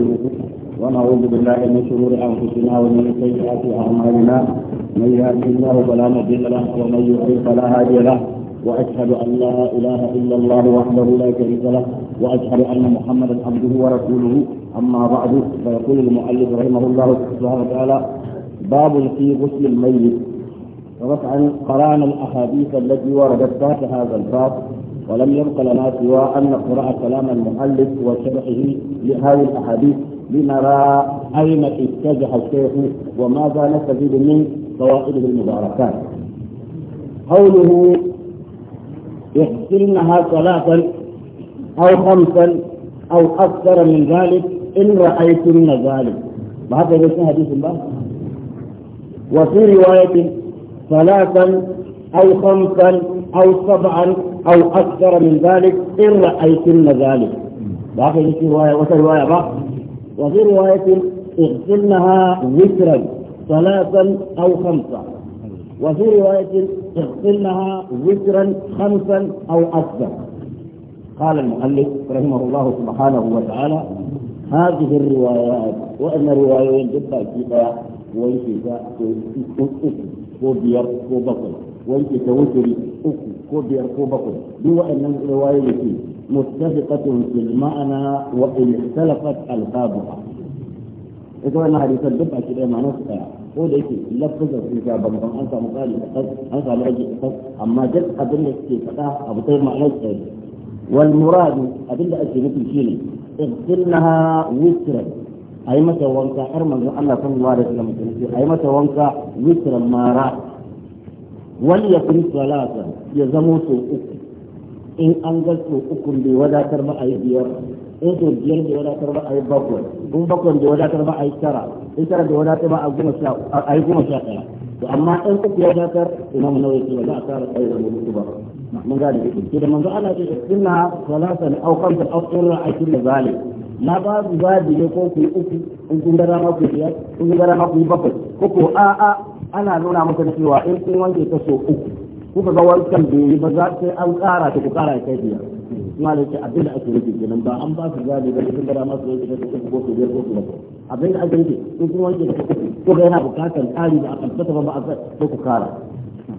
نستهزئه ونعوذ بالله من شرور انفسنا ومن سيئات اعمالنا من يهده الله فلا مضل له ومن يضلل فلا هادي له واشهد ان لا اله الا الله وحده لا شريك له واشهد ان محمدا عبده ورسوله اما بعد فيقول المؤلف رحمه الله سبحانه وتعالى باب في غسل الميت رفعا قرانا الاحاديث التي وردت تحت هذا الباب ولم يبق لنا سوى أن نقرأ كلام المؤلف وشرحه لهذه الأحاديث لنرى أين اتجه الشيخ وماذا نستفيد من فوائده المباركات قوله احسنها ثلاثا أو خمسا أو أكثر من ذلك إن رأيتن ذلك وهذا ليس حديث الله وفي رواية ثلاثا أو خمسا أو سبعا أو أكثر من ذلك إن رأيتن ذلك باقي في رواية وترواية بقى وفي رواية اغسلنها وترا ثلاثا أو خمسة وفي رواية اغسلنها وترا خمسا أو أكثر قال المؤلف رحمه الله سبحانه وتعالى هذه الروايات وأن روايين جدا كده وانت ذا وبيض وبطل وانت توتري أكل كوب يرقوب قد دو ان الروايه التي متفقه في المعنى وان اختلفت القابها اذا انا حديث الدب اكيد ما نسقى هو ده يكي لفظ في جابان كان انسى مقالي اقص انسى لأجي اقص اما جد قدر لكي فتاة ابو طيب معلوم ايه والمراد قدر لأجي نتي شيني اغسلنها وسرا اي متى وانكا ارمان جو الله صلى الله عليه وسلم اي متى وانكا وسرا مارا وليكن صلاة ya zamo so uku in an ga so uku bai wadatar ba a yi biyar in so biyar bai wadatar ba a yi bakwai in bakwai bai wadatar ba a yi tara in tara bai wadatar ba a yi goma sha ɗaya to amma in uku ya wadatar imam nawawi ce ba za a tara tsaye da mutu ba mun ga da ke da manzo ana ce inna salasa ne au kamsa au irra akin da zalim na ba su zabi ne ko ku uku in kun gara ma ku biyar in kun gara ma ku bakwai ko ko a'a ana nuna maka cewa in kun wanke so uku kuka ga wancan bai ba za sai an kara ta ku kara ya kai biyar malai ce abin da ake nufi kenan ba an ba su zabi ba sun gara masu yanke da su ko su biyar ko su ba abin da ake nufi sun kuma wanke da su ko ga yana bukatar tsari da a tabbata ba ba a sai ku kara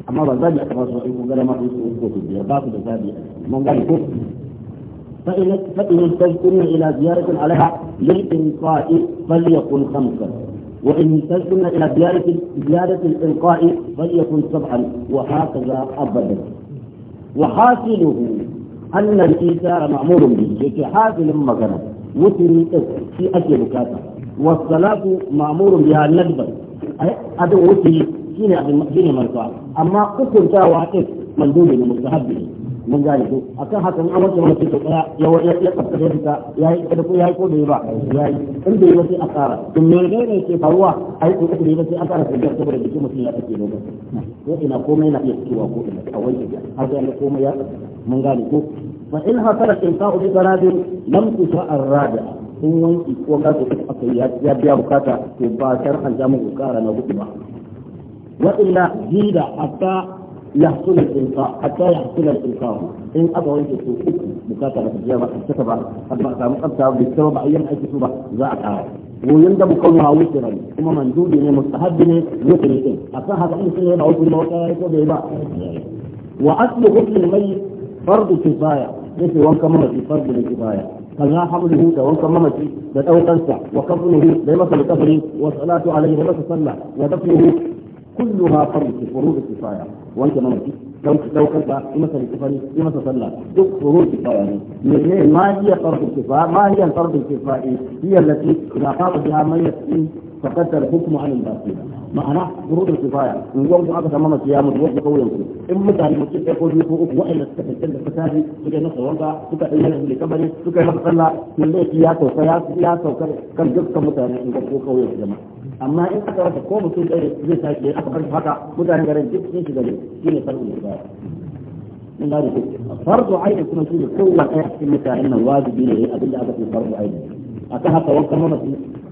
amma ba zabi aka ba su in ku gara masu yanke ko su biyar ba su da zabi mun gane ko فإن فإن استجئنا إلى زيارة عليها للإنقاء فليكن خمسة وإن تلقن إلى زيادة زيادة الإلقاء فليكن سبعا وهكذا أبدا وحاصله أن الإيثار مأمور به في حاصل مغنى وتري في أكل مكافاه والصلاة مأمور بها ندبا أدو وتري في أبن نعم- في منفعة نعم أما قسم تاوى مندوب ومستحب mun gane ko kan haka in amince wani cikin ya ya wani ya da fita ya yi kada ko ya yi ko ya ba ya yi in da ba sai a tsara in me ne ne ke faruwa ai ko da ba sai a tsara sai saboda jikin mutum ya take ne ko ina komai na iya cewa ko ina a wani har sai an komai ya mun gane ko fa in hasara insa'u bi qaradin lam tusha ar-rabi'a in wanki ko ga ko aka ya biya bukata to ba an jamu kara na gudu ba wa illa jida hatta يحصل الإلقاء حتى يحصل الإلقاء إن أبوا يجلسوا مكاتبة الجامعة الكتبة أبقى مقبتها بسبب أيام أي كتبة ذاك ويندم كونها وسرا ثم مندوب إنه مستحب إنه هذا إن سنة يبقى وتر موتا يكون يبقى وأصل غسل الميت فرض كفاية مثل وان كمان في فرض الكفاية فلا حمله ده وان كمان تنسع تنسى وكفنه ده مثل كفري عليه ده صلى ودفنه كلها فرض فروض كفاية wanke mana ki daukar ba yi masa rikifari yi masa sallah duk furu kifaya ne mene ma hiya fardu kifa ma hiya fardu kifa hiya allati idza qata biha man yasqi faqad al-hukmu 'ala al-batil ma'ana furud al-kifaya in gwamnati aka samu masu ya mutu wasu kauyen ku in mutane mutum ɗaya ko biyu ko uku wa'anda suka tantan da fasari suka yi masa wanka suka ɗaya yana da kabari suka yi masa sallah sun laifi ya sauka ya sauka kan dukkan mutane in gwamnati ko kauyen jama'a amma in aka rasa ko mutum ɗaya zai sake aka bar haka mutane garin duk sun shiga ne shi ne farko da in ba da farko aini kuma shi ne kowa ɗaya cikin mutanen nan wajibi ne abinda aka ce farko aini akan haka wankan mamaci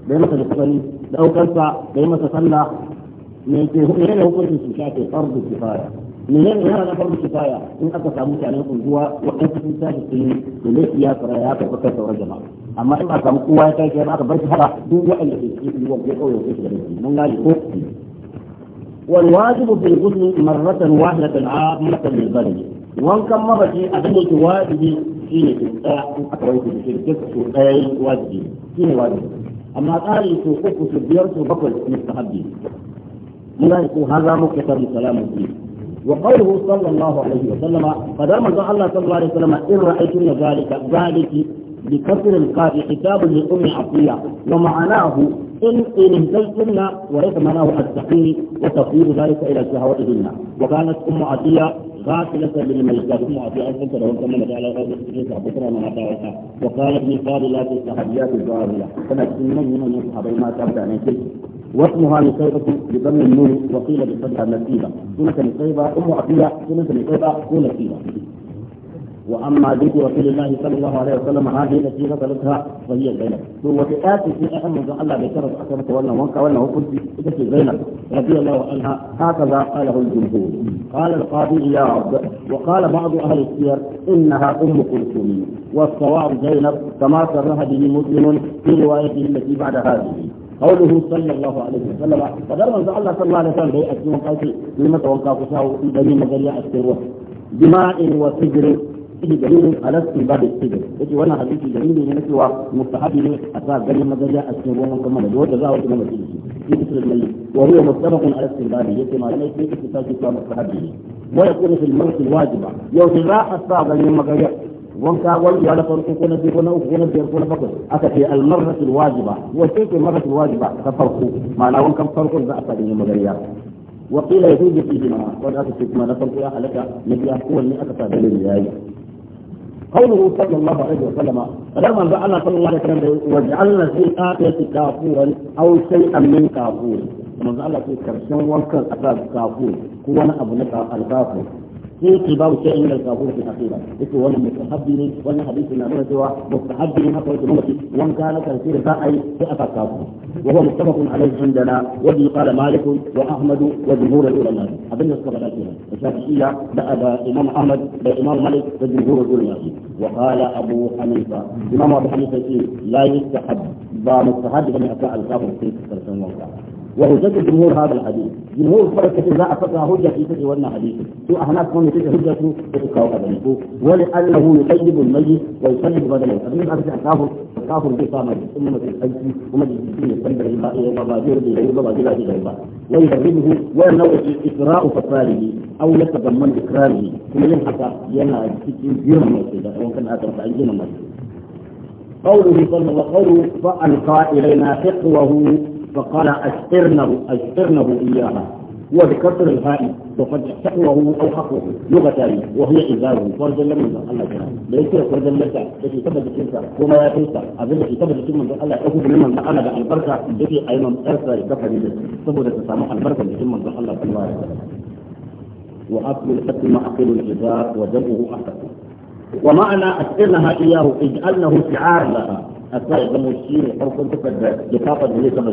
da yi masa da tsani da ɗaukarsa da yi masa sallah ne ke hukunci su shafe farko kifaya من هنا نرى لا فرض كفاية إن أتى ساموك على نقل هو وقت في ساحة السنين وليس يا سرايات وقت في رجل أما إن أتى مقوى يتاك يا بعض بيت هرى دون وعلى في السنين في الوقت يقوي وقت في السنين من لا يقوك والواجب في الغزن مرة واحدة عامة للبلد وان كان مرة في أدنى الواجب في الإنساء إن أتى رويت في السنين كيف تقول واجب كين واجب أما قال يسوقك في البيرس وبقل مستحبين من لا يقول هذا مكتب سلامه فيه وقوله صلى الله عليه وسلم فدام الله صلى الله عليه وسلم إن رايتن ذلك ذلك بكسر القاف كتاب لأم عطية ومعناه إن إن اهتزتن وليس معناه التحرير وتفويض ذلك إلى شهوتهن وكانت أم عطية غافلة بالمجدات أم عطية أنت لو كما مجال بكرة من عطاوتها وقالت من فاضلات التحديات الظاهرة فنحن من من يصحب ما تبدأ من كل واسمها نصيبة بضم النون وقيل بفتحها نسيبة سنة نصيبة أم عقيلة سنة نصيبة نسيبة واما ذكر رسول الله صلى الله عليه وسلم هذه التي ذكرتها فهي زينب ثم في اتي في اهم من الله بكرت اكرت ولا وانكا ولا وكنت اذا زينب رضي الله عنها هكذا قاله الجمهور قال القاضي يا رب وقال بعض اهل السير انها ام كلثوم والصواب زينب كما سرها به مسلم في روايته التي بعد هذه قوله صلى الله عليه وسلم فدر من الله صلى الله عليه وسلم بيئة من قوتي لما توقع فشاه بني مجرية السروة بماء وسجر في دليل على استباب السجر يجي وانا حديث دليل هنا سوى مستحب لي اثار بني مدريا السجن وانا كما لدي جزاء ذا وجه مدريا يكسر الملي وهو متفق على استبابه يجي ما ليس في استباب مستحب لي ويكون في الموت الواجبة يوم راح اثار بني مدريا wanka wanki da farko كنا na biyu ko na uku ko na biyar المرة الواجبة bakwai aka ce almarratul wajiba wace ce marratul wajiba ta farko ma'ana wankan farko za a faɗi ne magariya وقيل يجوز فيهما قد ما نصر فيها لك نبي اقول أن اتى دليل ذلك قوله صلى الله عليه وسلم لما جعلنا صلى الله عليه وسلم وجعلنا في الآخرة كافورا أو شيئا من كافور ومن قال في كرشان وكر اتى كافور هو أنا أبنك الكافور في الباب الشيء من الكافور في الحقيقة إذا ولم يتحدث ولا حديث من أمرة سوى متحدث من حقوة الموت وان كان تأثير فائي في أفكار وهو متفق عليه عندنا وذي قال مالك وأحمد وجمهور العلماء النص يصفق الأسئلة الشافعية بأبا الامام أحمد بإمام مالك وجمهور العلماء وقال أبو حنيفة الامام أبو حنيفة لا يستحب التحدث من أفكار الكافور في الموت وهجة جمهور هذا الحديث جمهور فرقة لا أفقها هجة في فقه ولا حديث سوء أهناك من تلك هجة فقه وأبنه ولأنه يطيب الميت ويصلب بدنه فمن أرجع كافر كافر بصامة ثم أمة الحج ومجلس الدين يصلب المبادير بالعيوب وجلال العيوب ويدربه ولو إقراء فقاره أو يتضمن إقراره ثم ينحك ينهى جيرم موسيقى وكان آخر فعن جيرم موسيقى قوله صلى الله عليه وسلم فألقى إلينا فقهه فقال أسطرنه أسطرنه إياها وبكسر الهاء وقد سحوه أو حقه لغة وهي إزاره فرجا لم يزال الله تعالى ليس فرجا لك التي ثبت تنسى وما لا تنسى أظن التي ثبت تنسى الله أخذ ممن تعالى بالبركة التي أيضا أرسى الدفع من ثبت تسامح البركة التي الله صلى الله تعالى وأكل الحق ما أكل العذاب ودمه أحسن ومعنى أسئلها إياه اجعلنه شعار لها الصلاة يضم الشيء حرف تفد لطاقة اللي سمى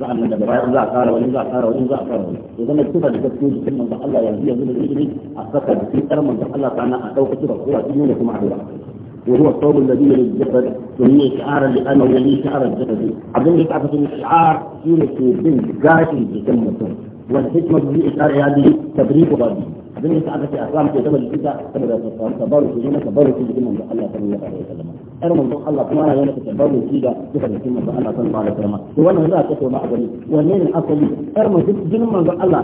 فعلا من الرأي أنزع قال وإنزع قال وإنزع قال يضم الكفة لتفكير ثم انزع الله يرضي يضم الإجري أصدقى في أرم من الله تعالى أتوقع كفة قوة تجونكم عدوة وهو الصوم الذي يلي الجسد وهي شعارا لأنا يلي شعار الجسد عبد الله تعرف الشعار في الدين قاتل في كلمة والحكمة في إشارة هذه تبريك وبابي أبني سعادة في أسلام في دول الإنساء كما تبارو في جنة تبارو في جنة الله صلى الله عليه وسلم أنا من الله كما أنا تبارو في جنة تبارو في جنة الله صلى الله عليه وسلم وأنا لا تسوى ما أبني ومن الأصلي أنا جنة من الله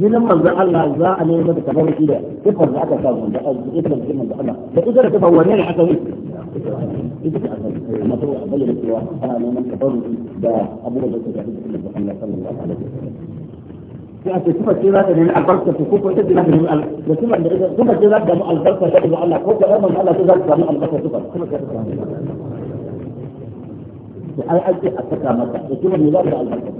جنة من الله ذا أنا لا تبارو في جنة إفر رجعت كاظم إذا جنة من الله فإذا كيف هو من الأصلي إذا أصلي ما هو أبين السوا أنا من تبارو في جنة أبو بكر صلى الله عليه وسلم sai ake kuma ce za ka nemi albarka ko kuma ita za ka nemi albarka kuma da ita kuma ce za ka nemi albarka ta ga Allah ko ka yarda Allah sai za ka samu albarka ta kuma ka samu da ai ake a saka maka da kuma ne za ka albarka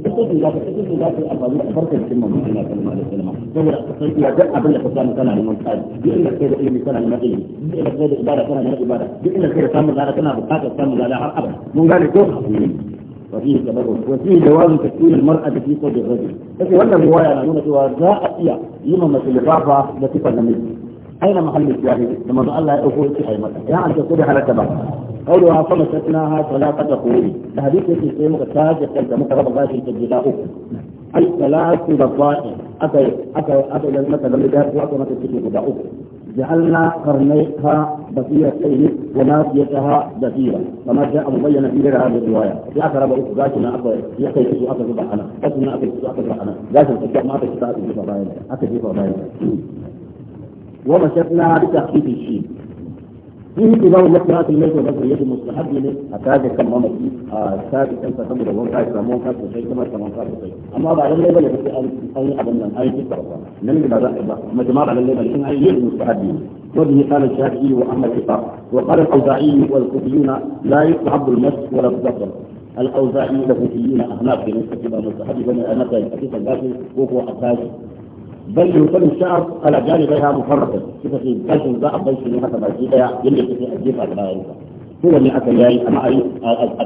ita ce za ka ita ce za ka amfani da albarka cikin mamman Allah sallallahu alaihi wasallam saboda ka san iya duk abin da ka samu kana neman tsari duk inda kai da ilimi kana neman ilimi duk inda kai da ibada kana neman ibada duk inda kai da samun zara kana buƙatar samun zara har abada mun gane ko وفيه تبرج وفيه جواز تكفير المرأة في صدر الرجل لكن ولا الرواية نقول سوى جاء إياه لما مثل الرافع لتفى النميذج أين محل الشاهد لما قال الله أقول في مرأة يا أن تقول على تبع قولها فمسكناها فلا تقولي الحديث في قد تاج يختلف مقرب غاش الجداء أخرى الثلاث بطائع أتى أتى أتى إلى المثل لم يدافع وأتى مثل في جداء جعلنا قرنيها بصيرتين وناسيتها بصيرة كما جاء مبين في غير هذه الرواية يا ترى بقول ما أقوى يا أخي كي أقوى أكبر بحنا غاشنا أكبر تسوء أكبر بحنا ذاك تسوء ما تسوء أكبر بحنا أكبر بحنا ومشتنا بتخفيف الشيء إيه إذا هو مثل هذا الميت وبدر يجب مستحب من أكاد كم ما مكي أكاد كم تسمي لهم كاي كمون كاي كشيء كم كمون كاي كشيء أما بعد الليل بل يبقى أي أحد من أي شيء ترى من اللي بعد مجمع على الليل بل إن أي مستحب وبه قال الشافعي وأحمد إقاء وقال الأوزاعي والكوفيون لا يستحب المس ولا الظفر الأوزاعي والكوفيون أهناف في نسبة كما مستحب بل أنا كاي أكيد الباقي وهو أكاد بل يمكن الشعر على جانبها مفردا كيف في بيت ذا بيت اللي هذا بيت يلي في الجيب على هو اللي أتى جاي أما أي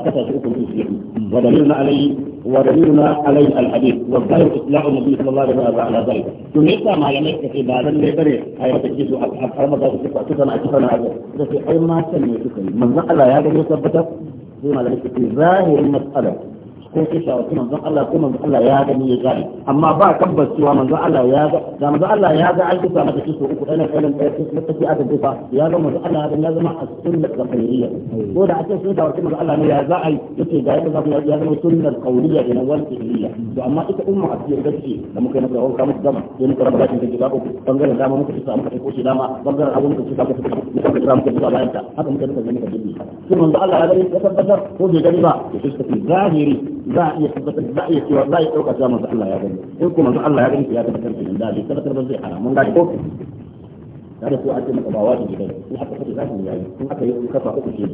في الشيخ ودليلنا عليه ودليلنا عليه الحديث والظاهر لا النبي صلى الله عليه وسلم على ذلك ثم يطلع ما يملك في بعض اللي بري أي تجيز أحرم ذلك كتنا كتنا هذا في أي ما سمي كتنا من نقل هذا يثبت فيما ذلك في ظاهر المسألة ko kisa ko manzon Allah ko manzon Allah ya gani ya gani amma ba tabbas cewa manzon Allah ya ga da manzon Allah ya ga an kisa mata kisa uku ɗaya ɗaya ɗaya kuma take aka kisa ya ga manzon Allah ya zama a sunnar qauliyya ko da ake sun da wata manzon Allah ne ya za a yi yace ga yadda zamu ya zama sunnar qauliyya da wal fi'liyya to amma ita umma a cikin gaske da muka yi mata wanka musu dama sai muka raba gashin take ba ko bangaren dama muka kisa muka ko shi dama bangaren abu muka kisa muka kisa muka kisa bayan ta haka muka kisa muka kisa sai manzon Allah ya gani ya tabbatar ko bai gani ba to shi ظاهري za a iya tabbatar za a iya cewa za a iya ɗauka cewa manzo Allah ya gani in kuma manzo Allah ya gani ya tabbatar da da bai tabbatar ba zai haramun gani ko kada ko a ce maka ba wajibi bane in aka fata za su yayi in aka yi kafa uku ce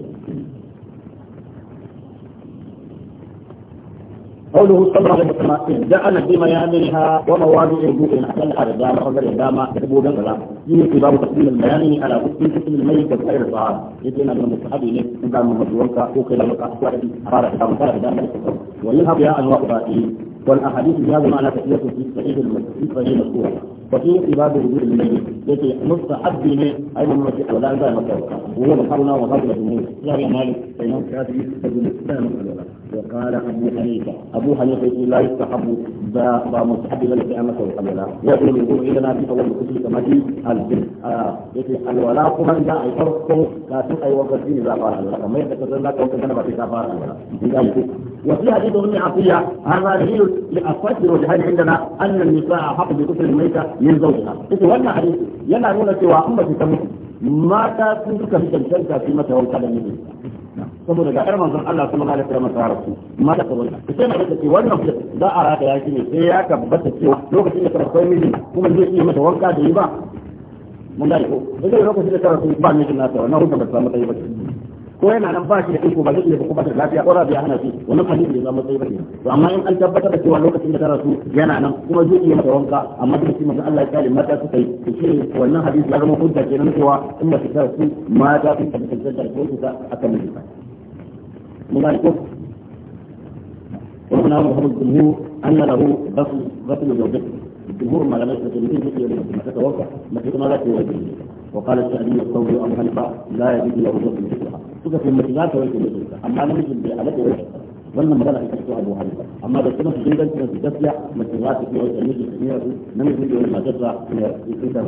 قوله صبر على المتماسين جعل في ميامنها ومواضع رجوعها يعني كان على الدام وغير الدامة يحبون الغلام يمكن باب تقديم الميامن على كل قسم الميت وغير الطعام يمكن من المستحب اليك ان كان مجروحك وخلالك اخواتك حرارة الدم حرارة الدم ويذهب يا انواع الباقيين والاحاديث بهذا المعنى كثيرة في صحيح المذكور وفي عباد وجود الميت نص مستحب لي اي من الشيخ ولا انت يا مكان وهو بحرنا وغفله منه لا يا مالك فانه شافعي يقول لا وقال ابو حنيفه ابو حنيفه لا يستحب با مستحب بل في امك وقبل يقول يقول اننا في اول الكتب كما في الجن آه. يجي الولاء قمنا اي فرق لا اي وقت دين اذا قال الله ما يتكرر لك وقت انا قال الله وفي حديث ابن عطيه هذا دليل لافكر وجهين عندنا ان النساء حق بكفر الميته min zawjiha ita wannan hadisi yana nuna cewa in ba ta mutu mata sun suka fi cancanta su mata wanka da miji saboda ga karman zan Allah sallallahu alaihi wasallam ta rasu mata ta wanka sai na ce wannan za a rata ya ne sai ya tabbata cewa lokacin da karfai miji kuma zai iya mata wanka da yi ba mun dai ko sai lokacin da karfai ba miji na ta wannan hukunta ba ta mata yi ba ko yana nan ba shi da iko ba zai iya ba da lafiya ko rabiya hana shi wannan hadisi ne zama sai ba to amma in an tabbatar da cewa lokacin da ta rasu yana nan kuma zai iya masa wanka amma da shi manzo Allah ya kare mata suka yi to shi wannan hadisi ya zama hujja kenan cewa in ba su ta rasu mata sun tabbatar da ko ta akan mutum mun ga ko ومن أمره الجمهور أن له غسل غسل زوجته الجمهور ما لم يثبت به مثل توقع مثل ما لا توجه وقال الشعبي الثوري أبو حنيفة لا يجوز له غسل مثلها suka ce mace za ta wanke mijinta amma na namijin bai alaƙa wanke wannan magana ita ce Abu Hanifa amma da kuma su dingan su gaskiya mace za ta iya wanke mijinta ne yanzu namijin bai wanke matarsa ne ita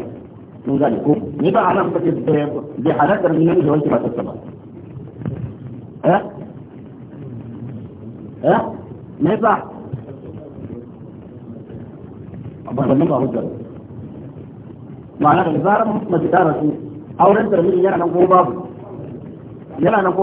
mun gane ko ni ba ana kuka ce bai halatta ne namiji wanke matarsa ba eh me ba ba wannan ba hujja ma'ana da zarar mace ta rasu auren tarmiyya yana nan ko babu yana nan ko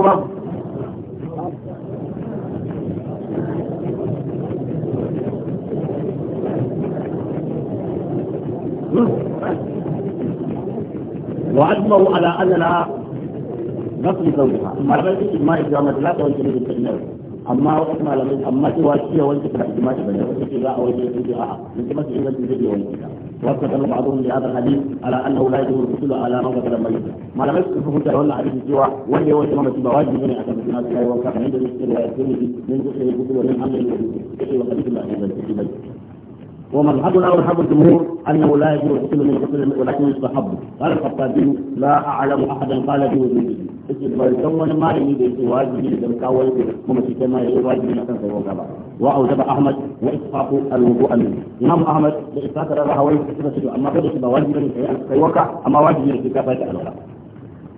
على أننا نصل زوجها، ما يجي ما لا الثلاثة والجنود amma wasu malamai amma cewa shi ya wanke da kuma shi bane wasu ce za a wanke su a'a in kuma shi inganci zai iya wanke wasu kan ba'dhum li hadha alhadith ala annahu la yajibu al-ghusl ala man qad mayyit malamai su kuma da wannan hadisi cewa wanda ya wanke mamaci ba wajibi ne a kan kuma sai wanka kamar da yake da yake min gusul min amali wa yake wa kadin da yake da ومذهبنا ومذهب الجمهور انه لا يجوز قتل من قتل ولكن يستحب قال الخطابي لا اعلم احدا قال في اسم ما يسمون ما يريد واجبه لم كاوي هم ما يريد واجبه واوجب احمد واسقاط الوضوء منه امام احمد باسقاط الرهوي اما بدك واجبا فيوقع اما واجبا في كافه الوضوء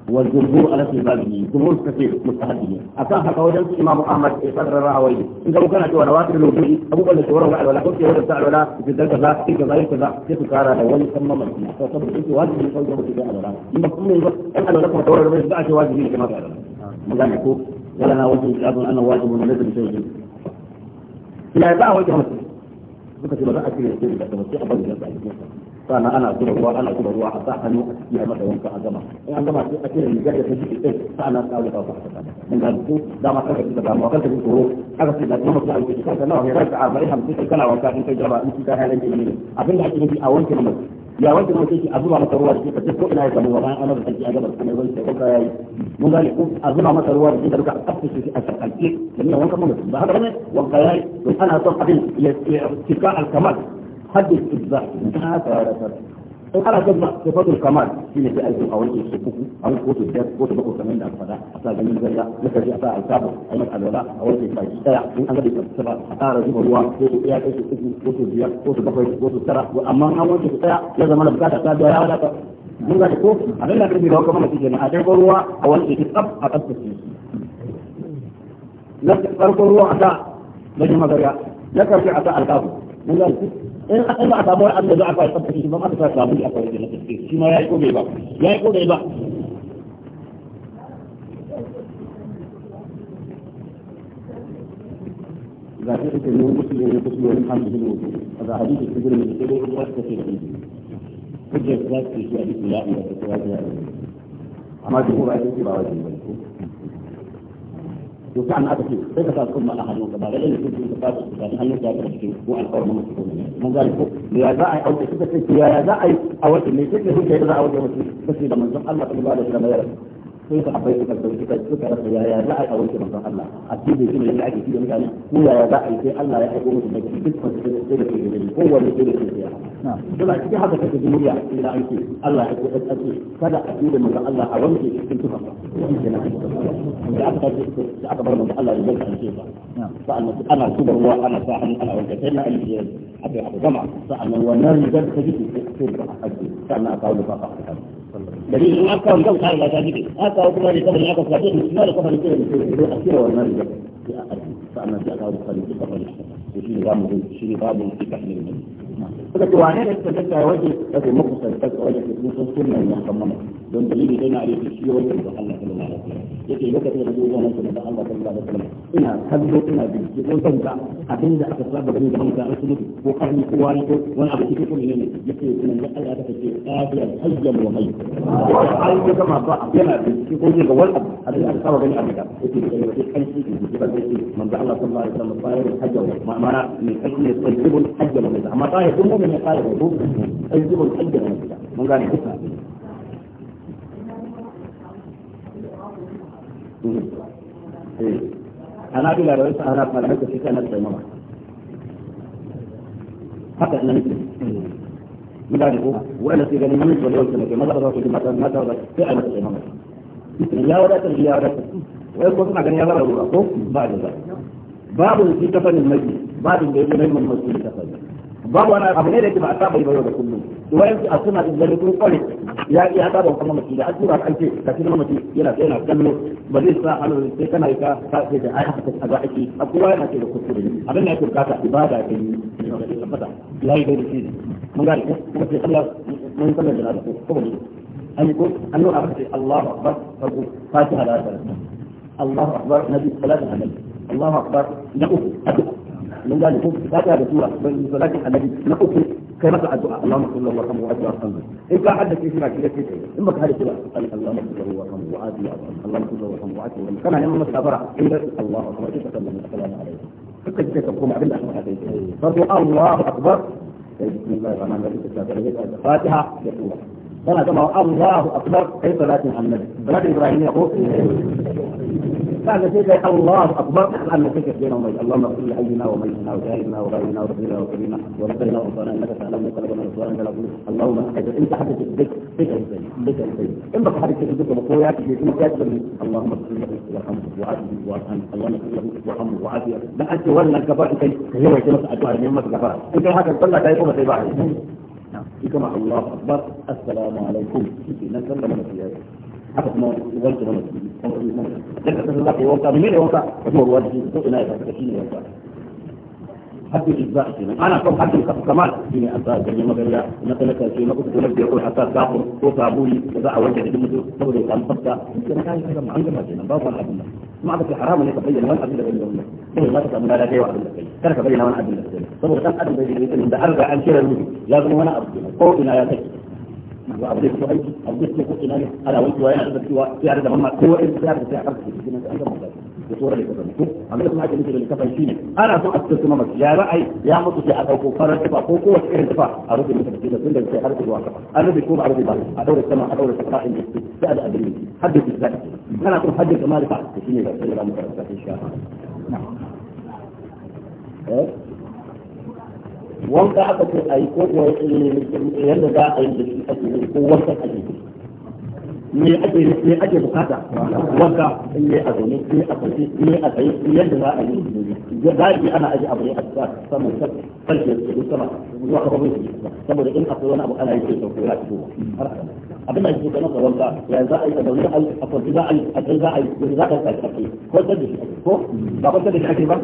والجمهور على استحبابه جمهور كثير مستحبه أكان حقا وجل إمام أحمد صدر الرعوي إن كانوا كانت ونواتر الوجود أبو قال لك وروا ولا كنت يوجد بتاع ولا في ذلك ذا في ذلك كذا في كذا الأول ثم ما فصبر أنت واجب من قول جمهور تجاه الولا إن بقوم يبقى أن أنا لكم تورا ربما يتبعش واجب من كما فعلا مجال يكون انا واجب أظن انا واجب من نزل بشيء لا يبقى وجه مسلم بكتب بقى كثير يصير بقى تمسيح بقى sana ana zuba ruwa ana zuba ruwa a sa hannu a ciki a masa wanka a gama in an gama sai a cire rigar da ta jike din sana ta wuce ba ta in ga su da ma kanka da damuwa kanka ji tsoro aka ce da kuma ta wuce kanka nawa ne ranka 40 50 kana wanka in kai gaba in kika halin ne abinda ake nufi a wanke mutum ya wanke mutum shi a zuba masa ruwa da ke ko ina ya samu bayan an masa kanki a gaba kuma zai ce wanka yayi mun gane ko a zuba masa ruwa da ke duka a tsaftace shi a tsarkake da ne wanka mutum ba haka bane wanka yayi to ana son abin ya cika alkamal حد الاتباع انتهى وقال عبد الله صفات الكمال في نساء او الشكوك او قوت الذات قوت بقوت كمان من الفضاء اصلا جميل زي لك جاء فاع الكعب ايمن الولاء او الذي فاجي تايع من انا بيكب سبع حتى رجيب الواء قوت ايه ايه ايه قوت الزياد قوت بقوت قوت الترى واما انا وانت تايع لازم انا بكاتا تايع دوايا ولا تا من ذا تكوف اقل لك ربي لو كمان تيجي نحاجة قروا او الذي تتقب اتبت فيه لك تتقب قروا عطاء لجمع ذريا لك في عطاء الكعب من ذا تكوف in aka ba samu wani abin da za a fara tabbata shi ba ma ta samu shi a fara jana shi ma ya yi kome ba ya yi kome ba ga shi ita ne wasu ne wasu ne wani hamdu ne wasu a ga hadisi su gudu ne da sai dai wasu kake da shi hujjar za su ke shi a duk ya'i da su ya amma duk ba ya ce ba wajen ba وكان هذا فيه كيف تكون مع احد من الكبار لان كنت في كتاب هل انت هذا الشيء هو القول من تكون من قال يا داعي او تكتب يا داعي او اللي تكتب هو كيف داعي او بس اذا من الله صلى الله عليه وسلم sai ka abai suka dauki ka suka rasa yaya za a yi wanke manzon Allah addini shi ne da ake cikin mutane ko yaya za a yi sai Allah ya aiko musu daga duk wanda sai da ke gani ko wanda sai da ke ya dole cikin haka take duniya illa an ce Allah ya ko tsatsi kada a duba manzon Allah a wanke cikin tufa da aka tafi da aka bar manzon Allah da zai kance ba sa'an nan ana tuba ruwa ana sa hannu ana wanke sai na alji a bai abu gama sa'an nan wannan rigar ta jiki sai ta ajiye sa'an nan a kawo da fafa a kan دليل ان اكثر من قبل على ذلك اكثر كما قبل اكثر لكن ما قبل كده اكثر ولا ما فانا جاء قبل كده وفي نظام في نظام في تحليل suka ce wane ne suka tattara waje ya ce muku sai tattara waje ke sun sunna ne kan mana don dalili dai na da yake shi wajen da Allah sallallahu alaihi wasallam yake lokacin da zuwa nan da Allah sallallahu alaihi wasallam ina kallo ina bincike ko san ka abin da aka saba gani da manta an sunu ko karni ko wani ko wani abu ke kuma ne ne yake sunan da Allah ta ce afiya hayyan wa hayy ai ya kama ba yana bincike ko ga wani abu abin da aka saba gani a gida yake da yake kan shi ke da yake manzo Allah sallallahu alaihi wasallam bayar hajjar ma'ana ne kan ne tsibul hajjar amma ta ya kuma ولم قال الوضوء يجب الحج من الكتاب من قال الحكمة إيه. أنا أقول لو أنت أهلاك ما لحكت فيك أنا أبدأ مرة حتى أن مثلي من قال وأنا في غني من ولي أنت ما تغضب ما تغضب فعلا أبدأ مرة لا ولا تنجي يا ولد ويقول سمع كان يا ولد بعد ذلك باب في كفن المجلس باب اللي يقول لهم المسجد كفن babu wani abu ne da yake ba a saba yi ba yau da kullum wayan a suna da gari kun kware ya ya saba kuma mamaci da asura an ce ka tuna mamaci yana yana kallo ba zai sa halu sai kana yi ka ka ce da ai haka kaza ake a kowa yana ce da kuskure abin da yake bukata ibada ta yi tabbata yayi da shi mun gane ko sai Allah mun sallar da ko ko ne an yi ko an nuna aka ce Allahu akbar farko fatiha da Allah Allahu akbar nabi sallallahu alaihi wasallam Allahu akbar na uku من قال لكم هذا بسورة من صلاة النبي نقول كما الدعاء اللهم صل الله وارحمه وعافيه وارحمه ان كان حدك في سماك كده كده اما كان قال اللهم صل الله وارحمه وعافيه وارحمه اللهم صل الله وارحمه وعافيه وارحمه كما لما مسك فرع الله اكبر كيف تكلم السلام عليكم فكر كيف تقوم عبد الله فرد الله اكبر طيب، بسم الله الرحمن الرحيم الفاتحه يقول أنا كما الله أكبر كيف لا تنعم بلاد إبراهيم يقول بعد ذلك الله اكبر ان نتكف بين وبين اللهم اغفر لحينا وميتنا وجاهدنا وغيرنا وسبيلنا وكريمنا وربنا انك تعلم قلوبنا ورسولنا انت لكل اللهم اجعل انت حدث الذكر ذكر الذكر ذكر الذكر انت حدث الذكر وقوات بيتنا كاتب اللهم اغفر له وارحمه وعافه وارحمه اللهم اغفر له وارحمه وعافه ده انت ولا الكبار انت هو يجلس ادوار من يمك كبار انت هذا تطلع تايقوم في بعض كما الله اكبر السلام عليكم نسلم لك haka kuma wanke wani da ka san za ka yi wanka mai wanka da kuma ruwa da shi ko ina ya fara shi ne wanka hakkin izza kenan ana son hakkin kafa kamal shine a sa ganyen magariya na talaka ce na uku na biyar ko a sa sako ko sabuli da za a wanke da mutum saboda ya samu tsafta kenan kai ka gama an gama kenan babu wani abin nan kuma aka ce haramun ne ka bayyana wani abin da bai wannan saboda ma ka samu lada kai wa abin da kai kada ka bayyana wani abin da kai saboda kan abin da bai da an riga an kira mutum ya zama wani abu ko ina ya kai وأضيف شوية أضيف شوية كنت نايم أنا وأنت وأنا أضيف شوية في عدد هم هو إيه في عدد في عدد في عدد بصورة اللي كتبت أنا بس معاك اللي كتبت فيني أنا أقول أكثر سمامك يا رأي يا مطلق يا أبو كفار الكفاء فوق قوة إيه الكفاء أرد اللي كتبت كده كل في حالة الواقع أنا بيكون على رضي الله أدور السماء أدور السماء إن استعد أدري حدد الذات أنا أقول حدد ما لفعت فيني بس اللي أنا مكتبت إن شاء الله نعم wanka aka ce a yi ko yadda za a yi da shi ake yi ko wanka ake yi me ake me ake bukata wanka in yi a zaune in a kwanci in a tsaye yadda za a yi galibi ana aji abu ne a saman sarki da sama zuwa kafafun su saboda in akwai wani abu ana yi sai sauko ya fito abin da ake kana ka wanka ya za a yi a zaune a yi a kwanci za a yi a tsaye za a yi za a yi a tsaye ko tsaye da shi ko ba kwanci da shi ake ba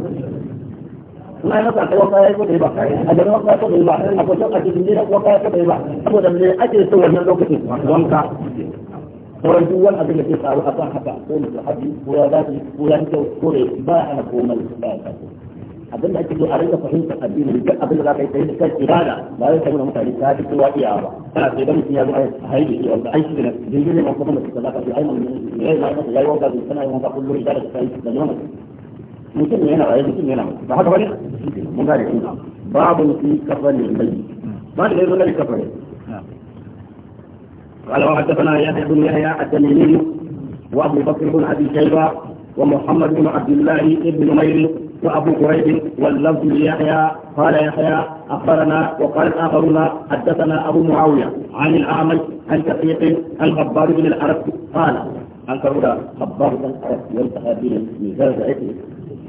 ما يقع وقع يكون ربا أجل وقع يكون ربا أقول شقة جميلة وقع يكون ربا أقول من أجل سوى من لوكتي وانكع sauran duk wani abin da ke faru a kan haka ko mutu haɗi ko ya zafi ko ya kyau ko da ba a komai ba ya kasu abin da ake so a rinka fahimta addini duk abin da za ka yi tsaye kan ibada ba zai tabbata mutane ta fi kowa iya ba kana sai da mutum ya zo a haihu shi wanda an shi da jirgin ne kuma da suka zaka fi ai mun ne ya yi ma ya yi wanka kana yi wanka kullum da ka yi da yawan mutum ne yana raye mutum yana mutu ba haka bane mun gane shi babu fi kafani mai ba da yanzu nabi kafani قال وحدثنا يحيى بن يحيى التميمي وابو بكر بن ابي شيبه ومحمد بن عبد الله بن نمير وابو كريب واللفظ يحيى قال يحيى اخبرنا وقال اخرنا حدثنا ابو معاويه عن الاعمش عن شقيق عن بن الارب قال عن كرودا خباب بن الارب ينتهى به من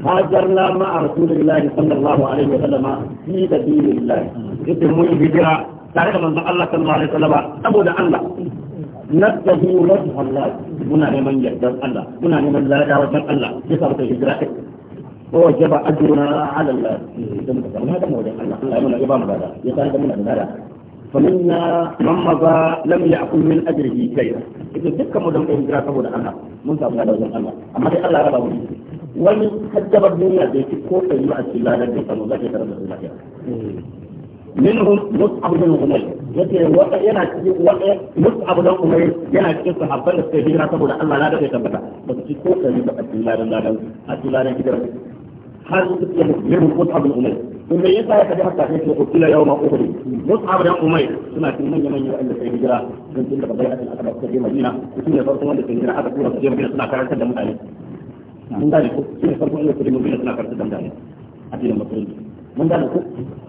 هاجرنا مع رسول الله صلى الله عليه وسلم في سبيل الله اسم الهجرة تعرف من الله صلى الله عليه وسلم أبو الله نبتدي وجه الله منا من يقدر الله منا من لا يعرف الله بصرف الهجرة ووجب أجرنا على الله هذا موجه الله الله يمنع يبام هذا يساعد منا بهذا فمنا من مضى لم يأكل من أجره شيئا إذا تلك مدن إنجرا سبو الله من سبو الله وزن الله أما دي الله ربا ولي ولي حجب الدنيا دي تكوك يوعى الله لدي فنو ذاك يترد الله منهم مصعب بن عمير yace wata yana cikin wata mus'ab dan umayr yana cikin sahabban da suka hijira saboda Allah na da tabbata ba su ci ko kari ba a cikin ladan ladan a cikin ladan hijira har suka yi mus'ab bin umayr ثم يسعى يتجهز حيث قتل يوم احد مصعب بن امير سمع في من يمن يؤلف في الهجره من تلك الضيعه الاخرى في المدينه وسمي فرق من في الهجره حتى كوره في المدينه سمع كلام سلم عليه من ذلك سمي فرق من في المدينه سمع كلام سلم عليه أدين المصري من ذلك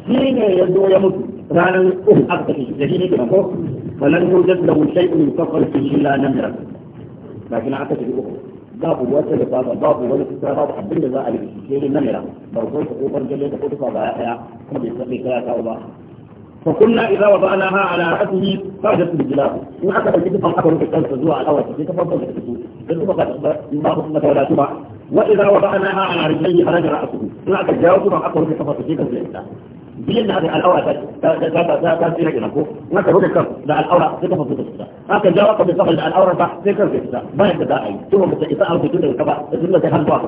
حين يبدو يموت رانا احد اكثر جديد كما هو فلن يوجد له شيء يكفر فيه الا نمره لكن اعتقد اخرى babu wata lifafa babu wani kusa babu abin da za a rubuce shi ne namira barkon ko kokar jalle da kutufa ba ya daya kuma bai sabe kaya kawo ba fa kunna idza wada'naha ala ra'sihi fadat al-jilab in aka dauki dukkan aka rubuta kansa zuwa alawar sai ka farko da su dan kuma ka ba ku kuma tawada ba wa idza wada'naha ala rijlihi faraja ra'suhu in aka jawo kuma aka rubuta kansa sai ka zai بجد هذه الاوراق تاثير جنكو ما تروح الكم ده الاوراق تكفى في الكتاب هكذا جاء وقت الكفر ده الاوراق تكفى في الكتاب ما يبدا اي ثم بتساءل في كل الكفر ثم تفهم بقى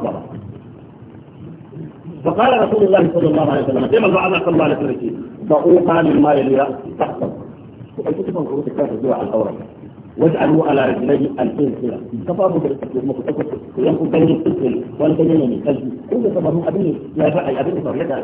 فقال رسول الله صلى الله عليه وسلم كما دعا صلى الله عليه وسلم ضعوها مما يلي راسي تحت وكتب الخروج الكافر جوا على الاوراق واجعلوا على رجليه السلسله كفاهم بالتكليف ممكن تكون ينقل بين السلسله ولا بين الكلب كل كفاهم ابني يا فعل ابني فريدها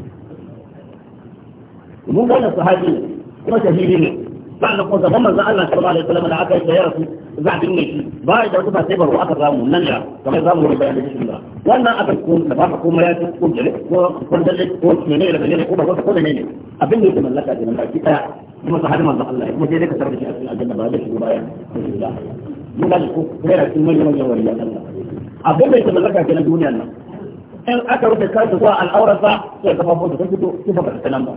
mun ga wannan sahabi kuma shahidi ne sannan kuma zaman manzon Allah sallallahu alaihi wasallam da aka yi ya rasu za a binne shi ba da wata sai baro aka samu nan da kamar zamu yi bayani shi ba wannan aka ko da ba ko mai ta ko jere ko ko dalle ko ne ne da ne ko ba ko ne ne abin da yake mallaka da nan baki daya kuma sahabi manzon Allah kuma dai ka tarbi shi a cikin aljanna ba da shi ba ya mun ga ko ne da cikin manyan manyan waliyan Allah abin da yake mallaka da duniyar nan in aka rufe kansa ko al'aurarsa sai ka fafo da fito sai ba ka sanan ba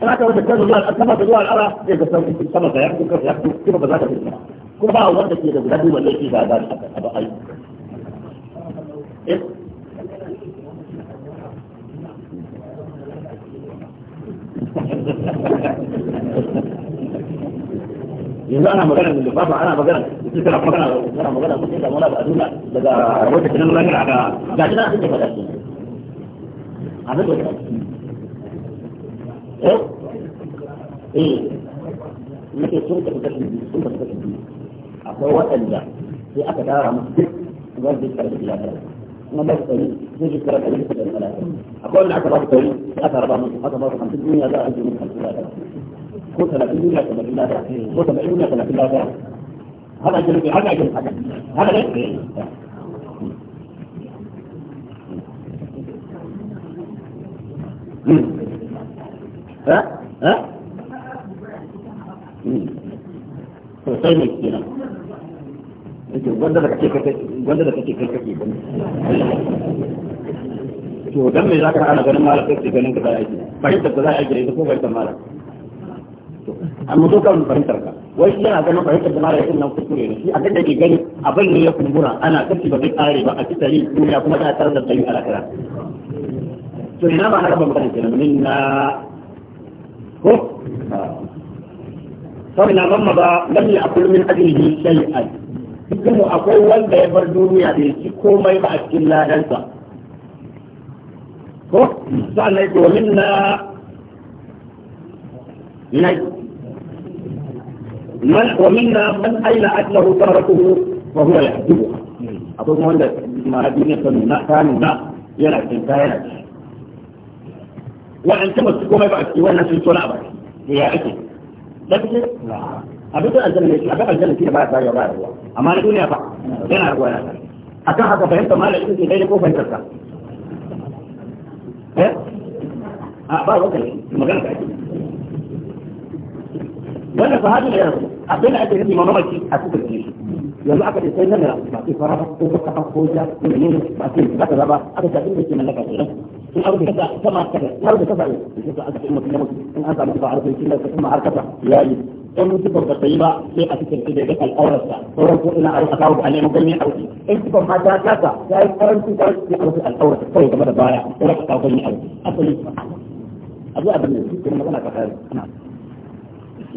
فلاك وانت تكاد الله السماء تدوى الأرى يجب تسوي في السماء فيحكو كيف يحكو كيف بذاك في السماء كل بقى وانت كده بذاك هو اللي فيه هذا أبا أي yanzu ana magana da lufafa ana magana da tana magana tana magana kuma da wala ba a duna daga wata kinan ranar aka ga shi na aka faɗa su a nan da ايه ايه nake sun tafi kashi biyu sun tafi kashi biyu akwai waɗanda sai aka tara musu duk zan bi karfi lafiya kuma ba su tsari sun ji karfi da suka da lafiya akwai wanda aka ba su tsari sai aka raba musu aka ba su hamsin duniya za a ji musu hamsin lafiya ko talatin duniya talatin lafiya ko talatin duniya talatin lafiya haka ake nufi haka ake haka haka ne Mm-hmm. ها ها ها كده طيب، انت وجد لك كيف وجد لك كيف كيف شو دم ذاك انا غير ما لك كيف كان كده عايز بعد كده عايز يجي هو بعد ما لك اما تو كان بعد ترك وايش انا كان بعد كده ما لك انا كنت كده يعني اكيد دي جاي ابل لي في المباراه انا كنت بقي قاري بقى كنت لي دنيا كلها ترى ده طيب على كده شو هنا ما انا بقول لك من ko saboda ban ma ba lam ya akul min ajlihi shay'an cikin mu akwai wanda ya bar duniya bai ci komai ba a cikin ladansa ko sannan ko minna nai man wa minna man aina atlahu taratuhu wa huwa yahduha akwai kuma wanda ma duniya ta nuna ta nuna yana cikin kayan wa'anta ba su komai ba a cikin wannan sun tona ba ya ake da kuke abin da aljanna ne abin aljanna shi ba ta yi ba ruwa amma na duniya ba yana ruwa yana akan haka fahimta malamin ke daidai ko fahimtar sa eh a ba ruwa kai magana ka ake wannan sahabi ne yanzu abin da ake nufi mamaki a cikin shi yanzu aka ce sai nan da ba su fara ba ko ba ko ja ne ba su ba ta ba aka ce abin da ke mallaka kenan الارض كذا كما كذا الارض كذا يشوف انت امك يموت ان انت ما تعرف كذا ثم هكذا يا لي in mutubar ba ta yi ba sai a cikin ido da al'aurarsa sauran ko ina a kawo a nemo ganye a wuce in kuma ma ta kasa ta yi karanci ta wuce a wuce al'aurarsa kawai game da baya ko da kawo ganye a wuce asali a zuwa abin da su kuma magana ka kare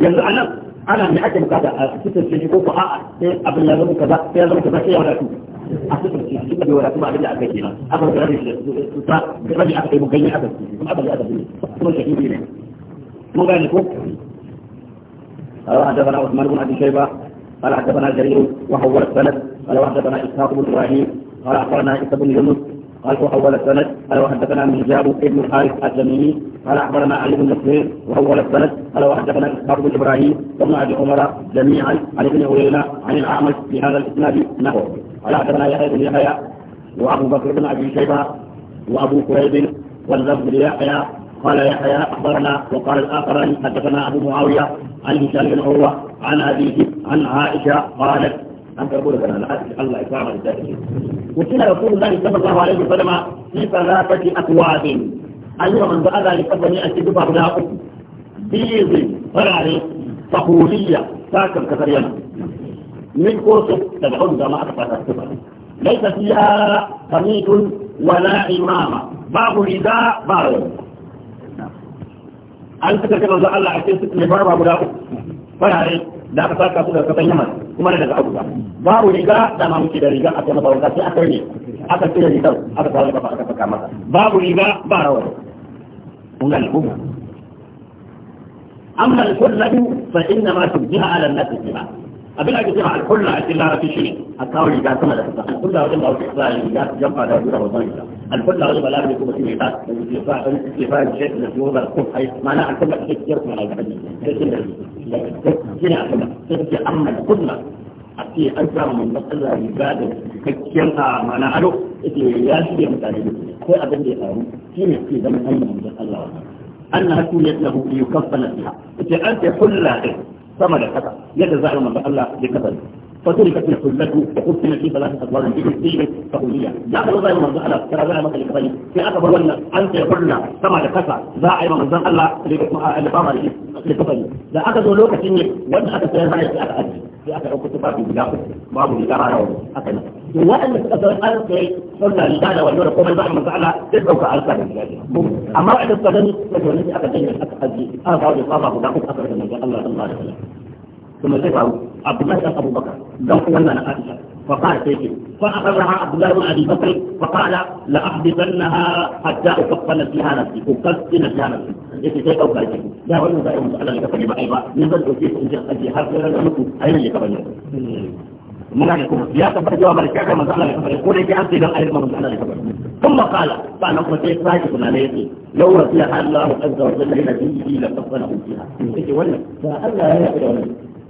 yanzu a nan ana mai ake bukata a cikin shi ko ko a'a sai abin ya zama kaza sai ya zama kaza sai ya wadatu a cikin cikin da wala kuma abin da aka yi kenan aka ga قال حدثنا عثمان بن ابي شيبه قال حدثنا جرير وحول السند قال حدثنا اسحاق بن ابراهيم قال اخبرنا عيسى بن يونس قال وحول السند قال وحدثنا منجاب بن الحارث التميمي قال اخبرنا علي بن مسلم وحول السند قال وحدثنا اسحاق بن ابراهيم وابن ابي عمر جميعا عن ابن هريره عن الاعمش بهذا الاسناد نحوه على يحيى بن يحيى وابو بكر بن ابي شيبه وابو كريب بن يحيى قال يحيى اخبرنا وقال الاخران حدثنا ابو معاويه عن هشام بن عروه عن ابيه عن عائشه قالت أن تقول لنا الله إكرام الجاهلين وكنا رسول الله صلى الله عليه وسلم في ثلاثة أكواب أيها من ذا ذلك فني أجد بعض بيض فرعي فخورية ساكن كثيرا من كرسي تدعون جماعه ليس فيها قميص ولا امامه باب الاداء باب أنت تكلم عن الله عشان تكلم عن أبو داود فلا لا أفكر كذا كذا وما لك أبو داود ما هو لغة ما هو كذا لغة أتى ما بقول كذا أتى لي أتى كذا لغة من بقول كذا كذا كذا ما أما الكل فإنما تجها على الناس جميعا abin ake cewa alkulla a cikin larabci shi a kawo riga sama da kasa alkulla wajen ba wasu isra'ila riga su jamfa da riga ba zan riga alkulla wajen balaga ne kuma shi ne ta da ke fa da ke fa da shi da zuwa da kuma ai mana alkulla ake cewa kuma da kaji da shi da shi ne alkulla sai ce amma alkulla a ce an samu mai matsala riga da cikakken a mana ado ake ya shirya mutane da ko abin da ya faru shi ne ke zama hanyar manzon Allah wannan annahu yatlahu yukaffana fiha ita an ta hulla din sama da kasa yadda za a yi manzo Allah ya kasance فتركت الحلة وقسمت في ثلاثة أدوار في الدين فقولية جاء الله يوم منزل ترى كما جاء مثل كبني في اخر ولا أنت يقولنا كما لكسا ذا من منزل الله لبامر لكبني ذا اخذوا لوك سنة وأن أكبر سنة في اجل في أكبر كتبا في بلاك باب لكارا يوم أكبر وأن أكبر أنت قلنا لكارا والنور قوم البحر من الله تدعوك على الكبني أما أكبر سنة فقولية أكبر سنة أكبر سنة أكبر سنة أكبر سنة أكبر سنة أكبر سنة ثم ذكروا عبد الله بن ابو بكر ذوق والمعنى عائشه فقال سيدي فاخذها عبد الله بن ابي بكر فقال لاحبسنها حتى اقفل فيها نفسي اقفل فيها نفسي يجي سيدي او بارك يا رجل دائما سال لك فجب ايضا نزل وفيك ان جاءت لي هل غير الملك اين لك فجب ملاككم يا سبب جواب لك كما سال لك فجب قولي في انت اذا ايضا من سال لك فجب ثم قال فانا قلت لك رايك ما ليتي لو رسلها الله عز وجل لنبيه لقفلهم فيها يجي ولا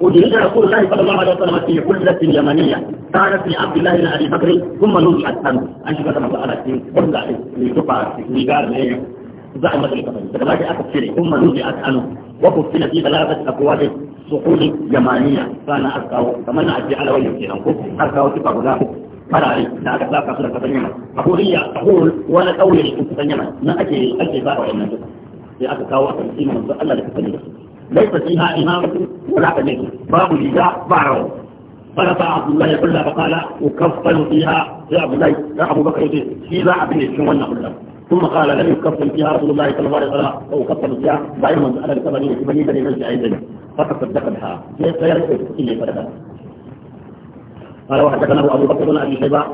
وجلد رسول الله صلى الله عليه وسلم في حلة يمنية كانت لعبد الله بن ابي بكر ثم نزعت عنه ان شكرا كما قال في قلة لتقع في جار زعمة الكفر ثم نزعت عنه وكفل في ثلاثة اقوال سحول يمانية فانا اركاو تمنى اجي على وجه في انكو اركاو تبقى غدا فراري لا aka saka su أقول هي أقول ولا أولي a hor ما kauye da kasan yamma na في ake ba wa wannan duka sai aka kawo ليس فيها إمام ولا قميص باب الإجاء بعره فنفع عبد الله يقول له فقال يكفل فيها يا أبو الله يا أبو بكر في ذا أبن الشمال كلها ثم قال لم يكفل فيها رسول الله صلى الله عليه وسلم او كفل فيها دائما سال الثمانين في بني بني نجد ايضا فتصدق بها ليس يرد في قال كان ابو بكر بن ابي شيبه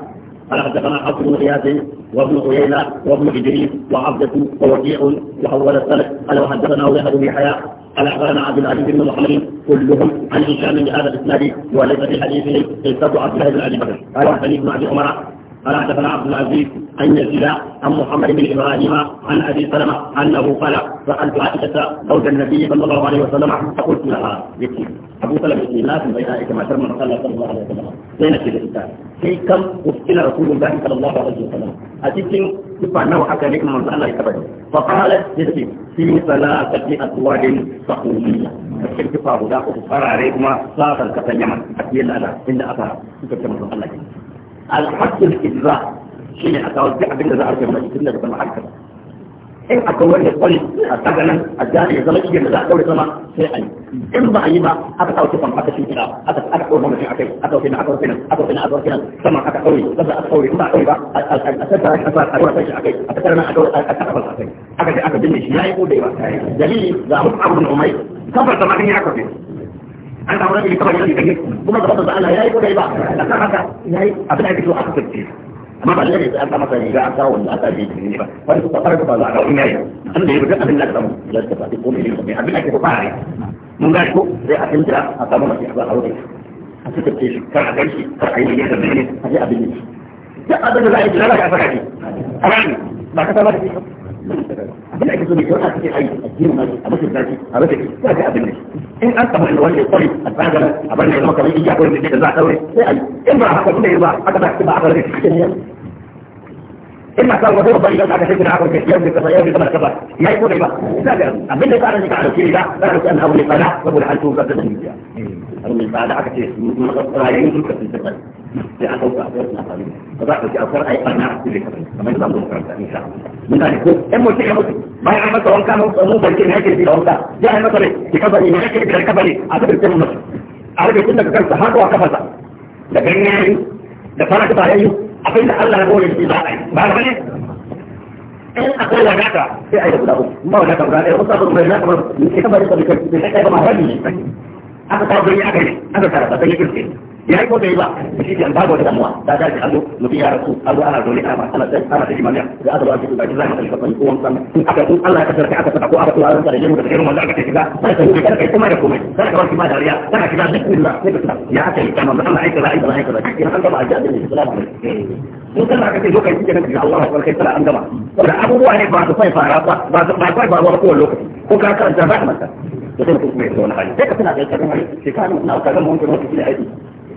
قال حدثنا حفص بن غياث وابن عيينة وابن إدريس وعبدة ووكيع وحول السلف قال وحدثنا ويحد بن يحيى قال أخبرنا عبد العزيز بن محمد كلهم عن هشام بهذا الإسناد وليس في حديثهم قصة عبد الله بن أبي بكر قال وحدثني ابن أبي عمر قال حدثنا عبد العزيز عن يزيد عن محمد بن ابراهيم عن ابي سلمه انه قال سالت عائشه زوج النبي صلى الله عليه وسلم فقلت لها بكي ابو سلمه لازم لا عائشه ما شرم قال صلى الله عليه وسلم بين كذا في كم قتل رسول الله صلى الله عليه وسلم أتيتم سبحانه حكى لكم من الله يتبعه فقالت جدي في ثلاثة أسواد صحوية الشركة فابو داخل فرع عليكما صاغ الكتن يمن أكيد أنا إن أثر سبحانه الله الحق الإجراء شيء أتوزع عبد الله عارف ما يصير لك بالحركة إن أكون يقول أتجنا أجاني إذا ما يجي من سما شيء إن ما يبا أتوزع كم حتى شيء كذا أتوزع أتوزع ما في عكس أتوزع أتوزع كذا أتوزع أتوزع كذا سما أتوزع كذا أتوزع ما أتوزع أتوزع أتوزع أتوزع عكس أتوزع أتوزع أتوزع عكس أكذا أكذا بالنسبة لي يقول ده دليل ذا هو أبو العمي كبر ثمانية عكس an samu rabi kawai yana da kuma da fadar da Allah yayi ko dai ba da kan haka yayi abin da yake so a cikin amma ba lalle sai an ta masa riga an kawo wanda aka ji ne ba wani su fara da ba za a kawo yayi an da yake da abin da kamu da ta fadi ko ne abin da yake fara mun ga ko sai a tinta a samu mafi a wurin a cikin shi kar a ganshi kar a yi da ne a yi abin ne duk abin da za a yi lalata a saka ne a ba ka ta ba abin da ake so ne kyau a cikin aiki a jirin mai a mashi zaki a mashi zaki a abin ne in an samu inda wanda ya tsari a tsagara a bari ya zama kamar iya kawai da za a daure sai a yi in ba haka kuma ya ba aka ba ba aka rage cikin yau in ma kawo wata bari aka sai da aka rage yau da kasa yau da kasa kasa ya yi kodai ba abin da ka ana ka dauke da za a rage an abu ne tsada saboda an tuka da dukiya abin da tsada aka ce rayuwar duka sun tsada sai a dauka akwai suna faru ba za ka ji akwai ai barna a cikin kamar kamar da zamu karanta insha Allah mun da ko ɗan mutum ya mutu bayan an masa wanka mun mun barke ne yake da wanka ya an masa ne ki kafa ne yake da kafa ne a cikin kuma a rage tun daga kansa har zuwa kafarsa da ganyayi da fara ta yayi abin da Allah ya gore shi ba ai ba ba ne in akwai wadata sai a yi guda uku ba wadata guda ɗaya wasu abin bai na kamar ni ke kafa ne ba da kai sai kai ba ma rabi ne aka kawo gani aka yi aka tara ba sai ya kirke ya yi ko bai ba shi ke ba da damuwa da gaji an zo mutum ya rasu an zo ana zaune ana ba ana sai ana sai mamiya da aka ba shi da shi za ka tafi kafin ko wancan in aka in Allah ya kasar ka aka saka ko aka tura ranka da jemu da jemu wanda aka tafi ga sai ka yi kada kai kuma da komai kada ka bar shi ma dariya kada ka ga bismillah sai ka tsaya ya aka yi kama da Allah ya kaza ya kaza ya kaza in an gaba ajiyar da salamu alaikum mun kana kace zo kai kike da Allah ya kai sala an gaba saboda abubuwa ne ba su fai fara ba ba ba ba ba ko lokaci ko ka karanta ba ka manta da sai mutum mai zo na hali sai ka tana da kai kana na ka ga mun ko mutum ne aiki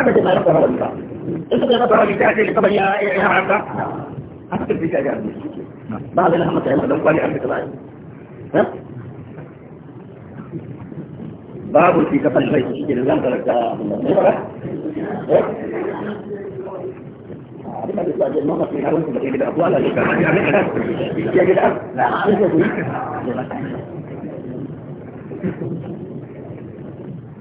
أبدا ما يقدر ولا أنت كده ترى اللي تعرف اللي طبعا يا يا عبد أكتب في شجرة بعد لها مثلا ما دام قال عندك بعد باب في كفن البيت في الإسلام ترك الله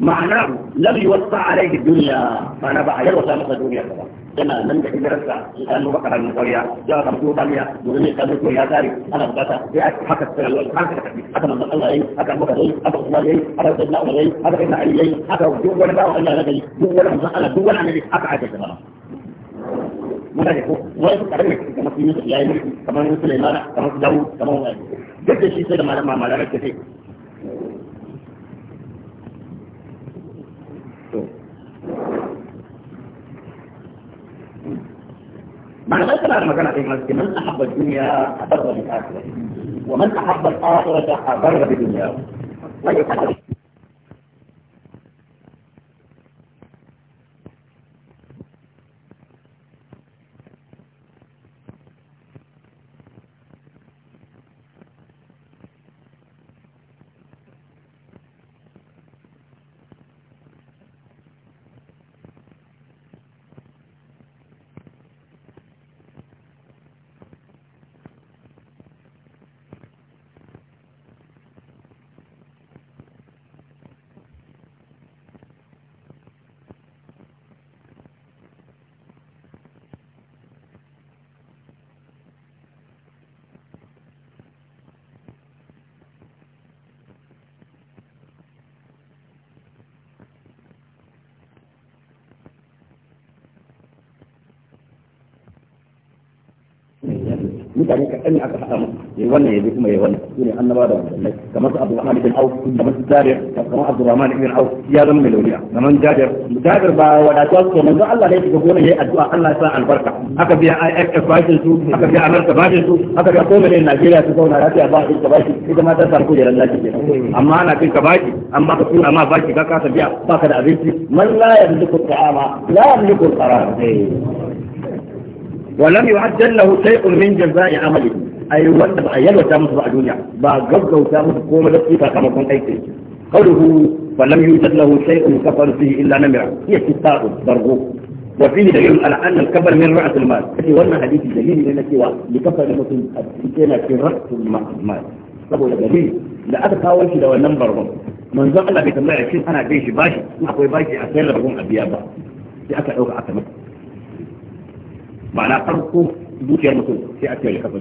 معناه لم يوسع عليه الدنيا فانا بقى يلوسع مثل الدنيا طبعا yana nan da idararsa ya nu baka ranar kwariya ya ka mutu baliya gobe ne ka mutu ya tare ana bukata sai a haka sai Allah har ka tafi haka manzon Allah yayi haka muka yayi haka Umar yayi haka Sayyidina Umar yayi haka Sayyidina Ali yayi haka duk wani bawo Allah ya gani duk wani manzon Allah duk wani annabi haka aka tafi muna da ko wai su karbe kamar su Yusuf yayi mulki kamar Sulaiman kamar Dawud kamar wani duk da shi sai da malama malama ce كان من أحب الدنيا أبر بالآخرة ومن أحب الآخرة أبر بالدنيا طيب mutane ka ɗan aka haɗa musu ya wannan ya je kuma ya wannan su ne annaba da mutane kamar su abdurrahman ibn auf kamar su jabir kamar abdurrahman ibn auf ya zama mai lauriya kamar jabir jabir ba wadatuwa su kamar zan Allah ne shiga gonar ya yi addu'a Allah ya sa albarka aka biya IFF bashin su aka biya Amurka bashin su aka biya komai ne Najeriya su zauna lafiya ba ita bashi ita ma ta samu kujerar lafiya amma ana kai ka baki an baka tura ma baki ka kasa biya baka da abinci man la yamliku ta'ama la yamliku qarar ولم يعجل له شيء من جزاء عمله اي وقت بايل وتامس بقى الدنيا بعد جزا وتامس كوما لكي فاقما كون اي تيجي قوله فلم يوجد له شيء كفر فيه الا نمرة هي كتاب برغو وفيه دليل على ان الكفر من رعه المال في ورنا حديث الدليل لنا سوى لكفر المسلم الكتينة في رعه المال طبو دليل لا اتقى ولشي لو النمبر هم من ذقل بيت الله عشرين انا بيشي باشي ما اخوي باشي اسير لبقوم ابيابا في اكا اوغا اتمكن معناه فرق بوتي المسلم في أسيا الخفر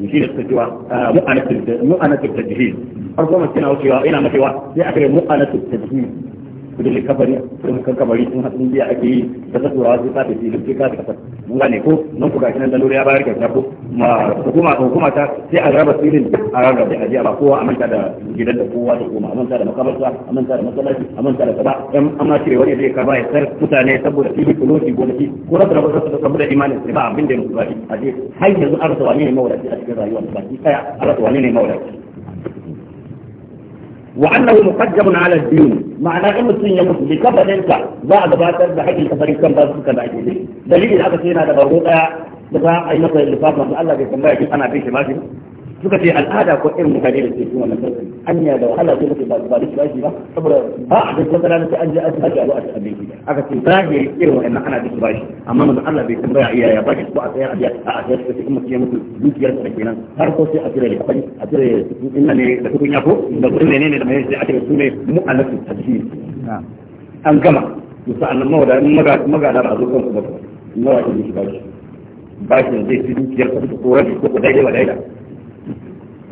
kudin likafari kudin kankabari in hatsin biya ake yi da ta turawa sai ta tafi duk ka kasar mun gane ko nan ku gashi nan da lura ya bayar kyauta ko ma hukuma hukuma ta sai a raba filin a raba da ajiya ba kowa a manta da gidan da kowa da kuma a manta da makabarta a manta da masallaci a manta da kaza dan amma cire wani zai kaba ya sar mutane saboda fili kulosi gonaki ko rasa raba rasa saboda imanin sai ba abin da ya mutu ba a je har yanzu an rasa wani ne mawadaci a cikin rayuwa baki daya an rasa wani ne mawadaci وانه مقدم على الدين معنى ان الدين يموت بكفر بعد ما تذبح حق الكفر كم بعد سكن عجيب دليل الاخر سينا هذا دفاع اي مثلا اللي فاطمه الله بيسمى انا في شمال suka ce al'ada ko irin mutane da ke kuma nan anya da wahala ce take ba ba da shi ba saboda ba a da tsara sai an je asibiti a zo a tabe shi aka ce zahiri irin wannan ana da shi ba shi amma manzo Allah bai tambaya iya ya ba shi ko a tsaya a biya a a sai sai kuma ce mutu dukiyar da kenan har ko sai a tire da kafani a tire inna ne da kudin yako da kudin ne ne da mai sai a tire su ne mu'allafin tafsir an gama sa'annan mawada magana ba zo kanku ba nawa ke shi ba shi ba shi zai fi dukiyar ka ko rabi ko ko daidai wa daidai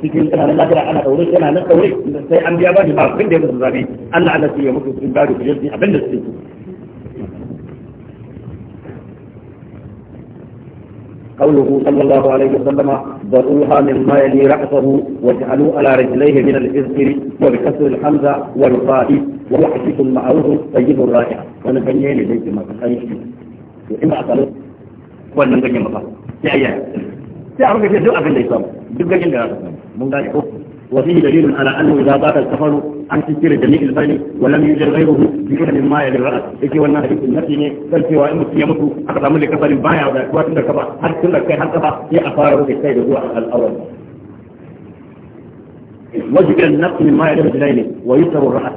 cikin kana lafiya ana daure yana nan daure sai an biya ba shi ba abin da ya zabi Allah Allah sai ya mutu sun gado ku yarda abin da suke قوله صلى الله عليه وسلم ضروها مما يلي رأسه واجعلوا على رجليه من الإذكر وبكسر الحمزة والقاء وهو حديث معروف طيب الرائحة ونبني لديك ما تخيش وإما أصلوا ونبنيه مطلع يا يا تعرف كيف يسوء في الإسلام دقا جدا مبايعه وفيه دليل على انه اذا بات السفر عن تسير جميع البين ولم يوجد غيره في كل ما يلي الرأس يجي والناس في النسيني بل سوى انه سيمتو اقضى ملك بل بايع وقوات من الكبع هل كل الكبع هل كبع يأفاره في السيد هو الأول وجه النقل ما يعرف بليله ويسر الرأس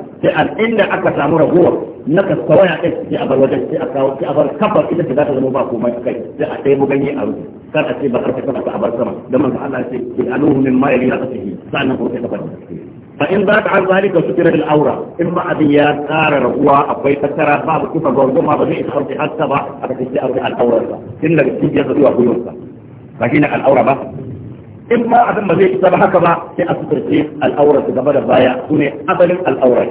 إلا أكا سامو هو نقل سوايا إيه؟ في أبر وجه في أبر في أبر كبر إذا كذا تزمو باكو ما يكي في أتي مغني أرو كان أتي بكر كما في أبر سما لما فعل أتي بالألوه مما يلي نقصه فأنا قلت كبر فإن بعد عن ذلك ستر الأورا إما أبيات قار رغوة أبوي تكرى بعض كيف قرقو ما بغي إتخرج حتى بعض أبتسي أرجع الأورا إلا بسيجي يغضي وأبوي لكن الأورا بس إما عدم مزيد إصابة هكذا في أسترسيق الأورة تدبى للباية هنا أبل الأورة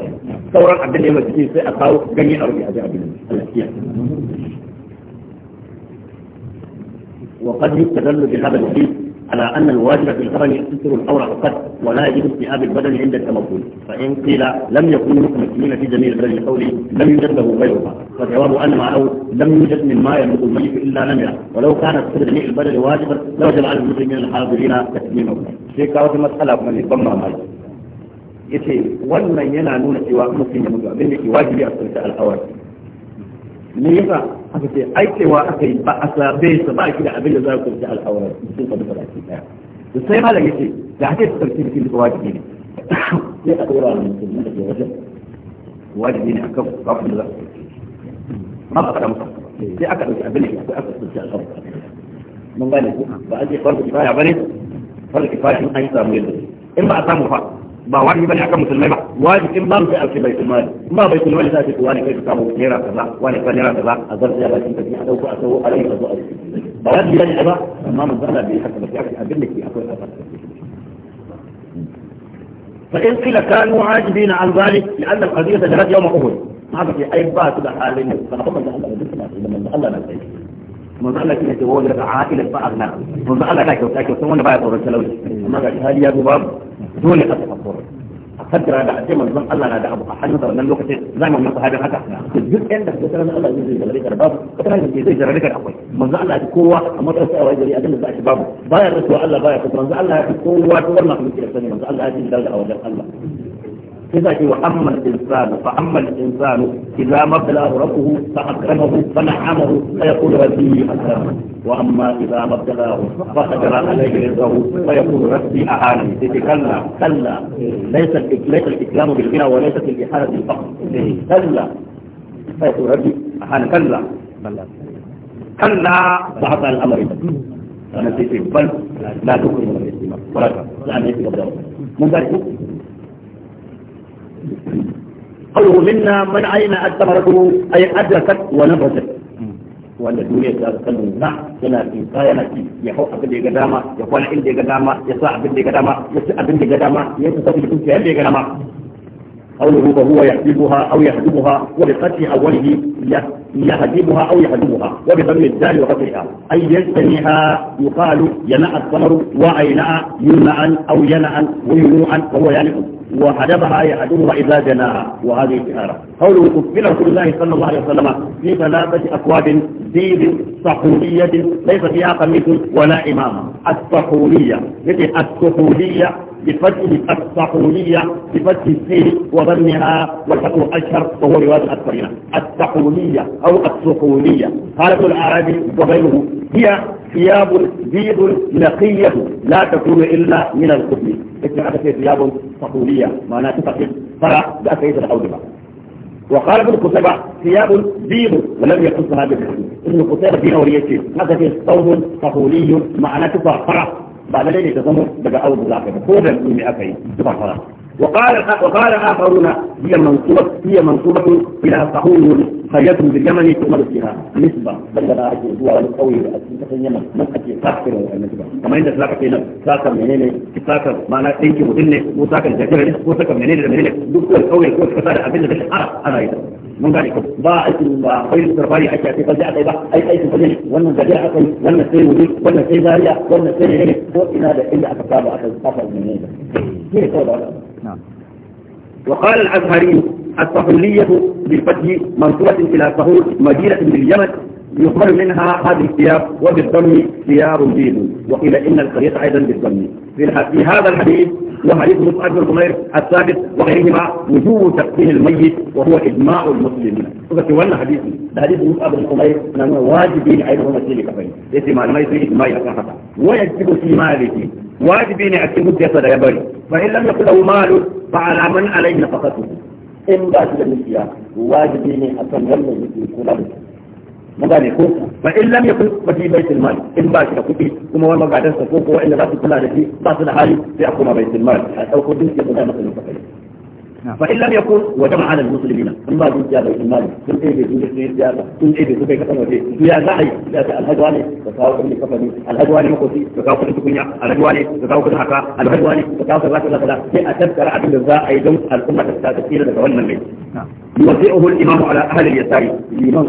ثورا عبد الله المسيحي سيأخاو جميع أرضي أبي عبد الله وقد يتدل بهذا الحديث على أن الواجب في القرن يستر الأورع فقط ولا يجب استيعاب البدن عند التمكن فإن قيل لم يكونوا متمكنين في جميع البدن لقوله لم يوجد له غيرها فالجواب أن معه لم يوجد مما يملك الميت إلا لم ولو كان في جميع البدن واجبا لوجب على المسلمين الحاضرين تسليمه. في كاوة مسألة من يضمها مالك يتي ولن yana nuna cewa mutum ya mutu abin da me yasa aka ce aikewa aka yi ba a sabe sa ba ki da abin da za ku ci al'aura sun ka duka baki daya to sai malam yace da hake ta sarki cikin duka wajibi ne sai a dora mun sun da ke wajen wajibi ne akan kafin da za ku ci ma ba ka musa sai aka dauki abin da ke akwai aka ci al'aura mun gane ku ba a ce farko kifaya bane farko kifaya in an samu yadda in ba a samu fa ba wajibi bane akan musulmai ba wajibi in ba mu sai alki bai mali ba bai kuma da sai wani kai ka mu naira kaza wani kai naira kaza a zarta ba kin kaji a dauko a sau a rai ka zo a ba wajibi bane ba amma mun zanna bai haka ba sai abin da ke akwai a فإن قيل كانوا عاجبين عن ذلك لأن القضية جرت يوم أحد هذا في أي بات إلى حال فنقوم أن الله يدركنا من الله لا يدرك من الله كنا تقول لك عائلة فأغنى من الله لا يدرك وتأكل ثم نبعث ورسلوه ما قال هل يا أبو باب dole a tafafura a kaddara da ake manzon Allah na da abu a hannun wannan lokacin zamanin sahabin haka duk ɗan da kusuran Allah zai jarare ka babu kusuran da zai jarare ka akwai manzon Allah ya kowa a matsayin sa a wajen gari a da ake babu baya rasuwa Allah baya kusuran Allah ya fi kowa ta wannan kuma ke da sani manzon Allah ya fi dalga a wajen Allah إذا وأما الإنسان فأما الإنسان إذا ما ابتلاه ربه فأكرمه فنعمه فيقول ربي أكرمه وأما إذا ما ابتلاه فقدر عليه رزقه فيقول ربي أعاني كلا كلا ليس ليس الإكرام بالغنى وليست الإحالة بالفقر كلا فيقول ربي أعاني كلا كلا بعض الأمر أنا بل لا تكرم الاستماع ولا تكرم يعني يتقبل من ذلك قالوا منا من أين أدركوا أي أدركت ونبذت وأن الدنيا تأثن نعم هنا في غاية نتي يحوق بدي قدامة يقول حين دي قدامة يصاع بدي قدامة يسعى بدي قدامة يتصف يكون في هل قدامة قوله وهو يحبها أو يحبها ولقتل أوله يهدمها أو يهدمها وبضم الدال وقتلها أي يجتنيها يقال ينع الثمر وعيناء يمنعا أو ينعا وينوعا وهو يعني وهدمها يهدمها إذا جناها وهذه الشهارة قوله كفر رسول الله صلى الله عليه وسلم في ثلاثة أكواب بيض صحولية ليس فيها قميص ولا إمامة الصحولية مثل يعني الصحولية بفتح الصحولية بفتح السين وظنها والحكم الأشهر وهو رواية الأكثرين الصحولية أو الصقولية قالت العربي وغيره هي ثياب بيض نقية لا تكون إلا من القطن اسمها ثياب صقولية معناها تفقد فرع لا سيد الحوض وقال ابن قتيبة ثياب بيض ولم يخصها بالحديث ابن قتيبة في نوريته هذا في ثوب صقولي معناه تفرع فرع بعد ذلك تزمر بقى أول بزاقة فوضا من أكيد تفرع فرع وقال وقال اخرون هي منصوبه هي منصوبه الى صهون خيات باليمن ثم فيها نسبه بل لا اجل هو القوي في اليمن من اجل تاخر النسبه كما ان ذاك في ذاك منين ذاك ما لا تنكي مدن وذاك الجزيره وذاك منين منين دكتور القوي كنت كذا ابن العرب انا منبركم ضاعت الخير الضريحة في قلت عطيبة أي قيس الفجن والنزجاحة والنسير وديك والنسير زارية والنسير هنا وإن هذا إلا أفضل أفضل من هذا كيف قول الله نعم. وقال العزهري الصهولية بالفتح منصورة إلى صهول مدينة باليمن يقبل منها هذه الثياب وبالضم ثياب دين وقيل إن القرية أيضا بالضم في هذا الحديث وحديث مصعب بن عمير الثابت وغيرهما وجوب تقديم الميت وهو إجماع المسلمين وكتبنا حديث حديث مصعب بن عمير أنه واجبين أيضا مسلمين كفين ليس مع الميت إجماع الصحابه ويجب في ماله واجبين أكتب الجسد يبري فإن لم يكن له مال فعلى من عليه نفقته إن باشر من واجبين أكتب لم يكن mu gane ko fa in lam yakun fa fi baitul mal in ba shi da kuɗi kuma wani magadan sa ko ko wanda za su kula da shi ba su da hali sai a koma baitul mal a dauko dukiyar da masa lokaci fa in lam yakun wa jama'a al muslimin in ba dukiya baitul mal sun dai bai dukiya sai ya ba sun dai bai su kai kasan waje su ya za a yi ya ta alhaji wani ka kawo kuɗi kafani alhaji wani makoci ka kawo kuɗin tukunya alhaji wani ka kawo kuɗin haka alhaji wani ka kawo kaza kaza kaza sai a tattara abin da za a yi don al'umma ta tsira daga wannan ne yusi'uhu al-imamu ala ahli al-yasari liman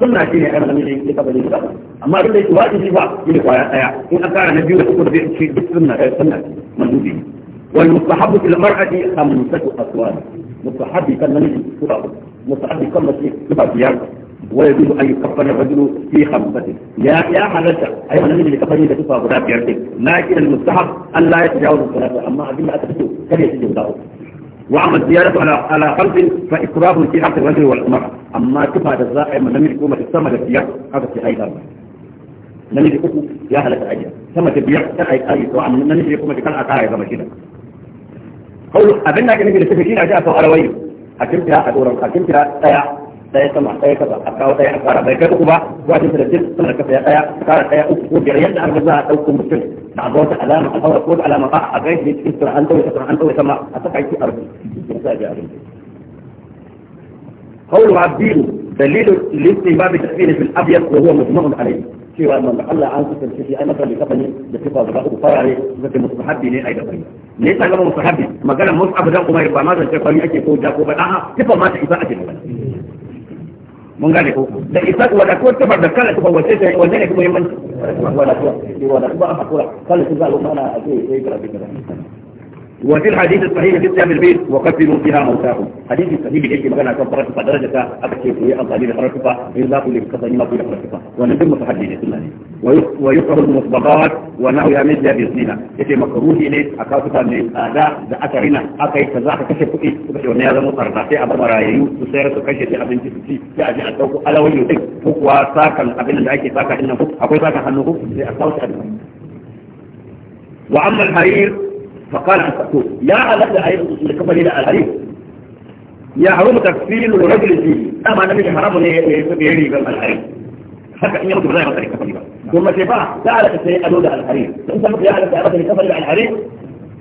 sunna shi ne arzami da yake kaba da shi amma duk da yake wajibi ba shi ne kwaya daya in an kara na biyu da uku da zai ci duk sunna ɗaya sunna mandubi wal mustahabu fil mar'ati khamsatu aswar mustahabi kan namiji sura mustahabi kan mace sura biyar ويجوز ان يكفر الرجل في خمسه يا يا حلتا اي من اللي كفر اذا كفر غدا بيرتك لكن المستحب ان لا يتجاوز الثلاثه اما ابي لا تفتو كان يتجاوز واما الزياده على على قلب فاكراه في حق الرجل والمراه اما كفى الزائر من لم يكن السماء السياق هذا في اي ضرب لم يكن يا اهل الاجر سماء السياق اي اي سواء من لم يكن كان اكاي زي ما كده قول ابنك اللي بتفكر اجا سؤال وين اكلتها ادور اكلتها ɗaya sama ɗaya kasa a kawo ɗaya a kara bai kai uku ba wajen da jin suna kasa ya ɗaya kara ɗaya uku ko biyar yadda aka za a ɗauko mutum da a bauta alama a kawai ko da alama ba a gaishe cikin sura an ɗauke sura an ɗauke sama a saka shi a rubutu قول عبدين دليل الاستيباب التكفير في الابيض وهو مجمع عليه cewa manzo Allah an kusa shi ai masa likafa ne da sifa da ku fara ne zai mustahabbi ne ai da kai ne yasa zama mustahabbi magana mus'ab dan Umar ba ma zan ce fari ake ko da ko ba a'a sifa ma ta isa ake magana mun gane ko da isa wa da ko tabar da kala kuma wace ta wanne ne kuma yammanci wa da ko wa da ba a hakura kala su za a mana a ce sai ka rabi وفي الحديث الصحيح في صيام البيت وقدموا فيها موتاكم حديث الصحيح يجي كان عشان طرف درجة أكثر في أفضل من إن إلا كل قصة ما في خرفها ونجم تحدي السنة ويكره المصبغات ونحو مثل هذه السنة يجي مكروه إلي أكافتها من آداء ذأكرنا أكي كذاك كشف إيه وكشف ونيا ذا مطرنا في أبو مرايو تسير تكشف في أبن تسكي في أجي أتوك ألا ويوتك هو ساكا أبن الأيكي ساكا إنه أقول ساكا حنه في أصوات أبن وأما الحرير فقال حسكو يا على ذا أي لكفل إلى الحديث يا حرم تكفير الرجل فيه أما نمشي حرام يهري بالحديث حتى إن يخطب غير ذلك كفل ثم كيفاه سألت السيئة على الحريم يا الحريم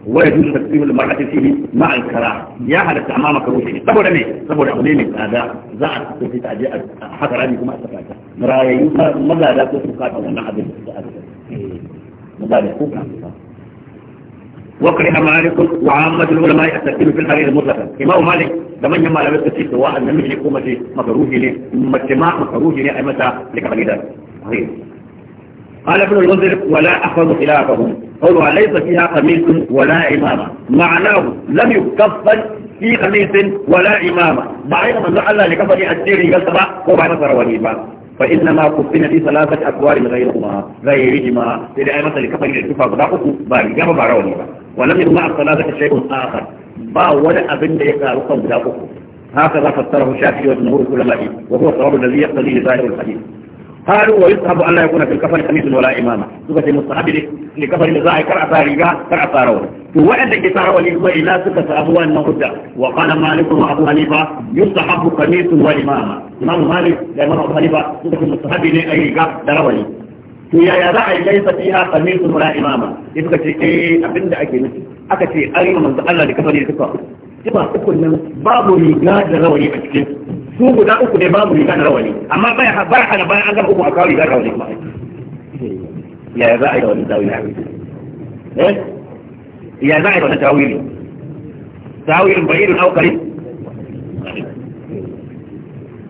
ويجوز تكفير المرأة فيه مع الكراهة يا على استعمامك روحي سبب لمي سبب هذا زعت في تعجيء حتى رأيكم أستفاكا مرايا ماذا لا تسمكات ماذا لا وكره مالك وعامة العلماء التكفير في الحرير مطلقا إمام مالك دمان يما على بس سواء أن مجلي مكروه لي مجتمع مكروه لي أمتا لكبني ذلك قال ابن المنذر ولا أخذ خلافه قولها ليس فيها قميص ولا إمامة معناه لم يكفل في قميص ولا إمامة بعيدا من الله لكفل أسير يقلت بقى وبعيدا سرواني بقى فإنما كفن في ثلاثة أكوار غيرهما غيرهما إذا أمت لكفن الكفا فضاقه بارجاب باروني ولم يكن مع الثلاثة شيء آخر با ولا أبن يقارقا بلاقه هكذا فسره الشافعي وجمهور العلماء وهو الصواب الذي يقتضيه ظاهر الحديث قالوا ويصحب ان لا يكون في الكفر خميس ولا امامه سبت المستحب لكفر الزاهي كرع فارقا كرع فارون وعند كتاب ولي لا سكت ابوان وقال مالك وابو حنيفه يصحب خميس وامامه imam malik da imam abu hanifa suka ce mustahabi ne a yi riga da rawani to yaya za a yi laifa fiha qamisun wala imama sai suka ce eh abinda ake nufi aka ce an yi manzo Allah da kafari suka kiba uku nan babu riga da rawani a cikin su guda uku ne babu riga da rawani amma baya bar hana bayan an gaba uku a kawo riga da rawani kuma yaya za a yi da wani tawili eh ya za a yi da wani tawili tawilin bayirin aukarin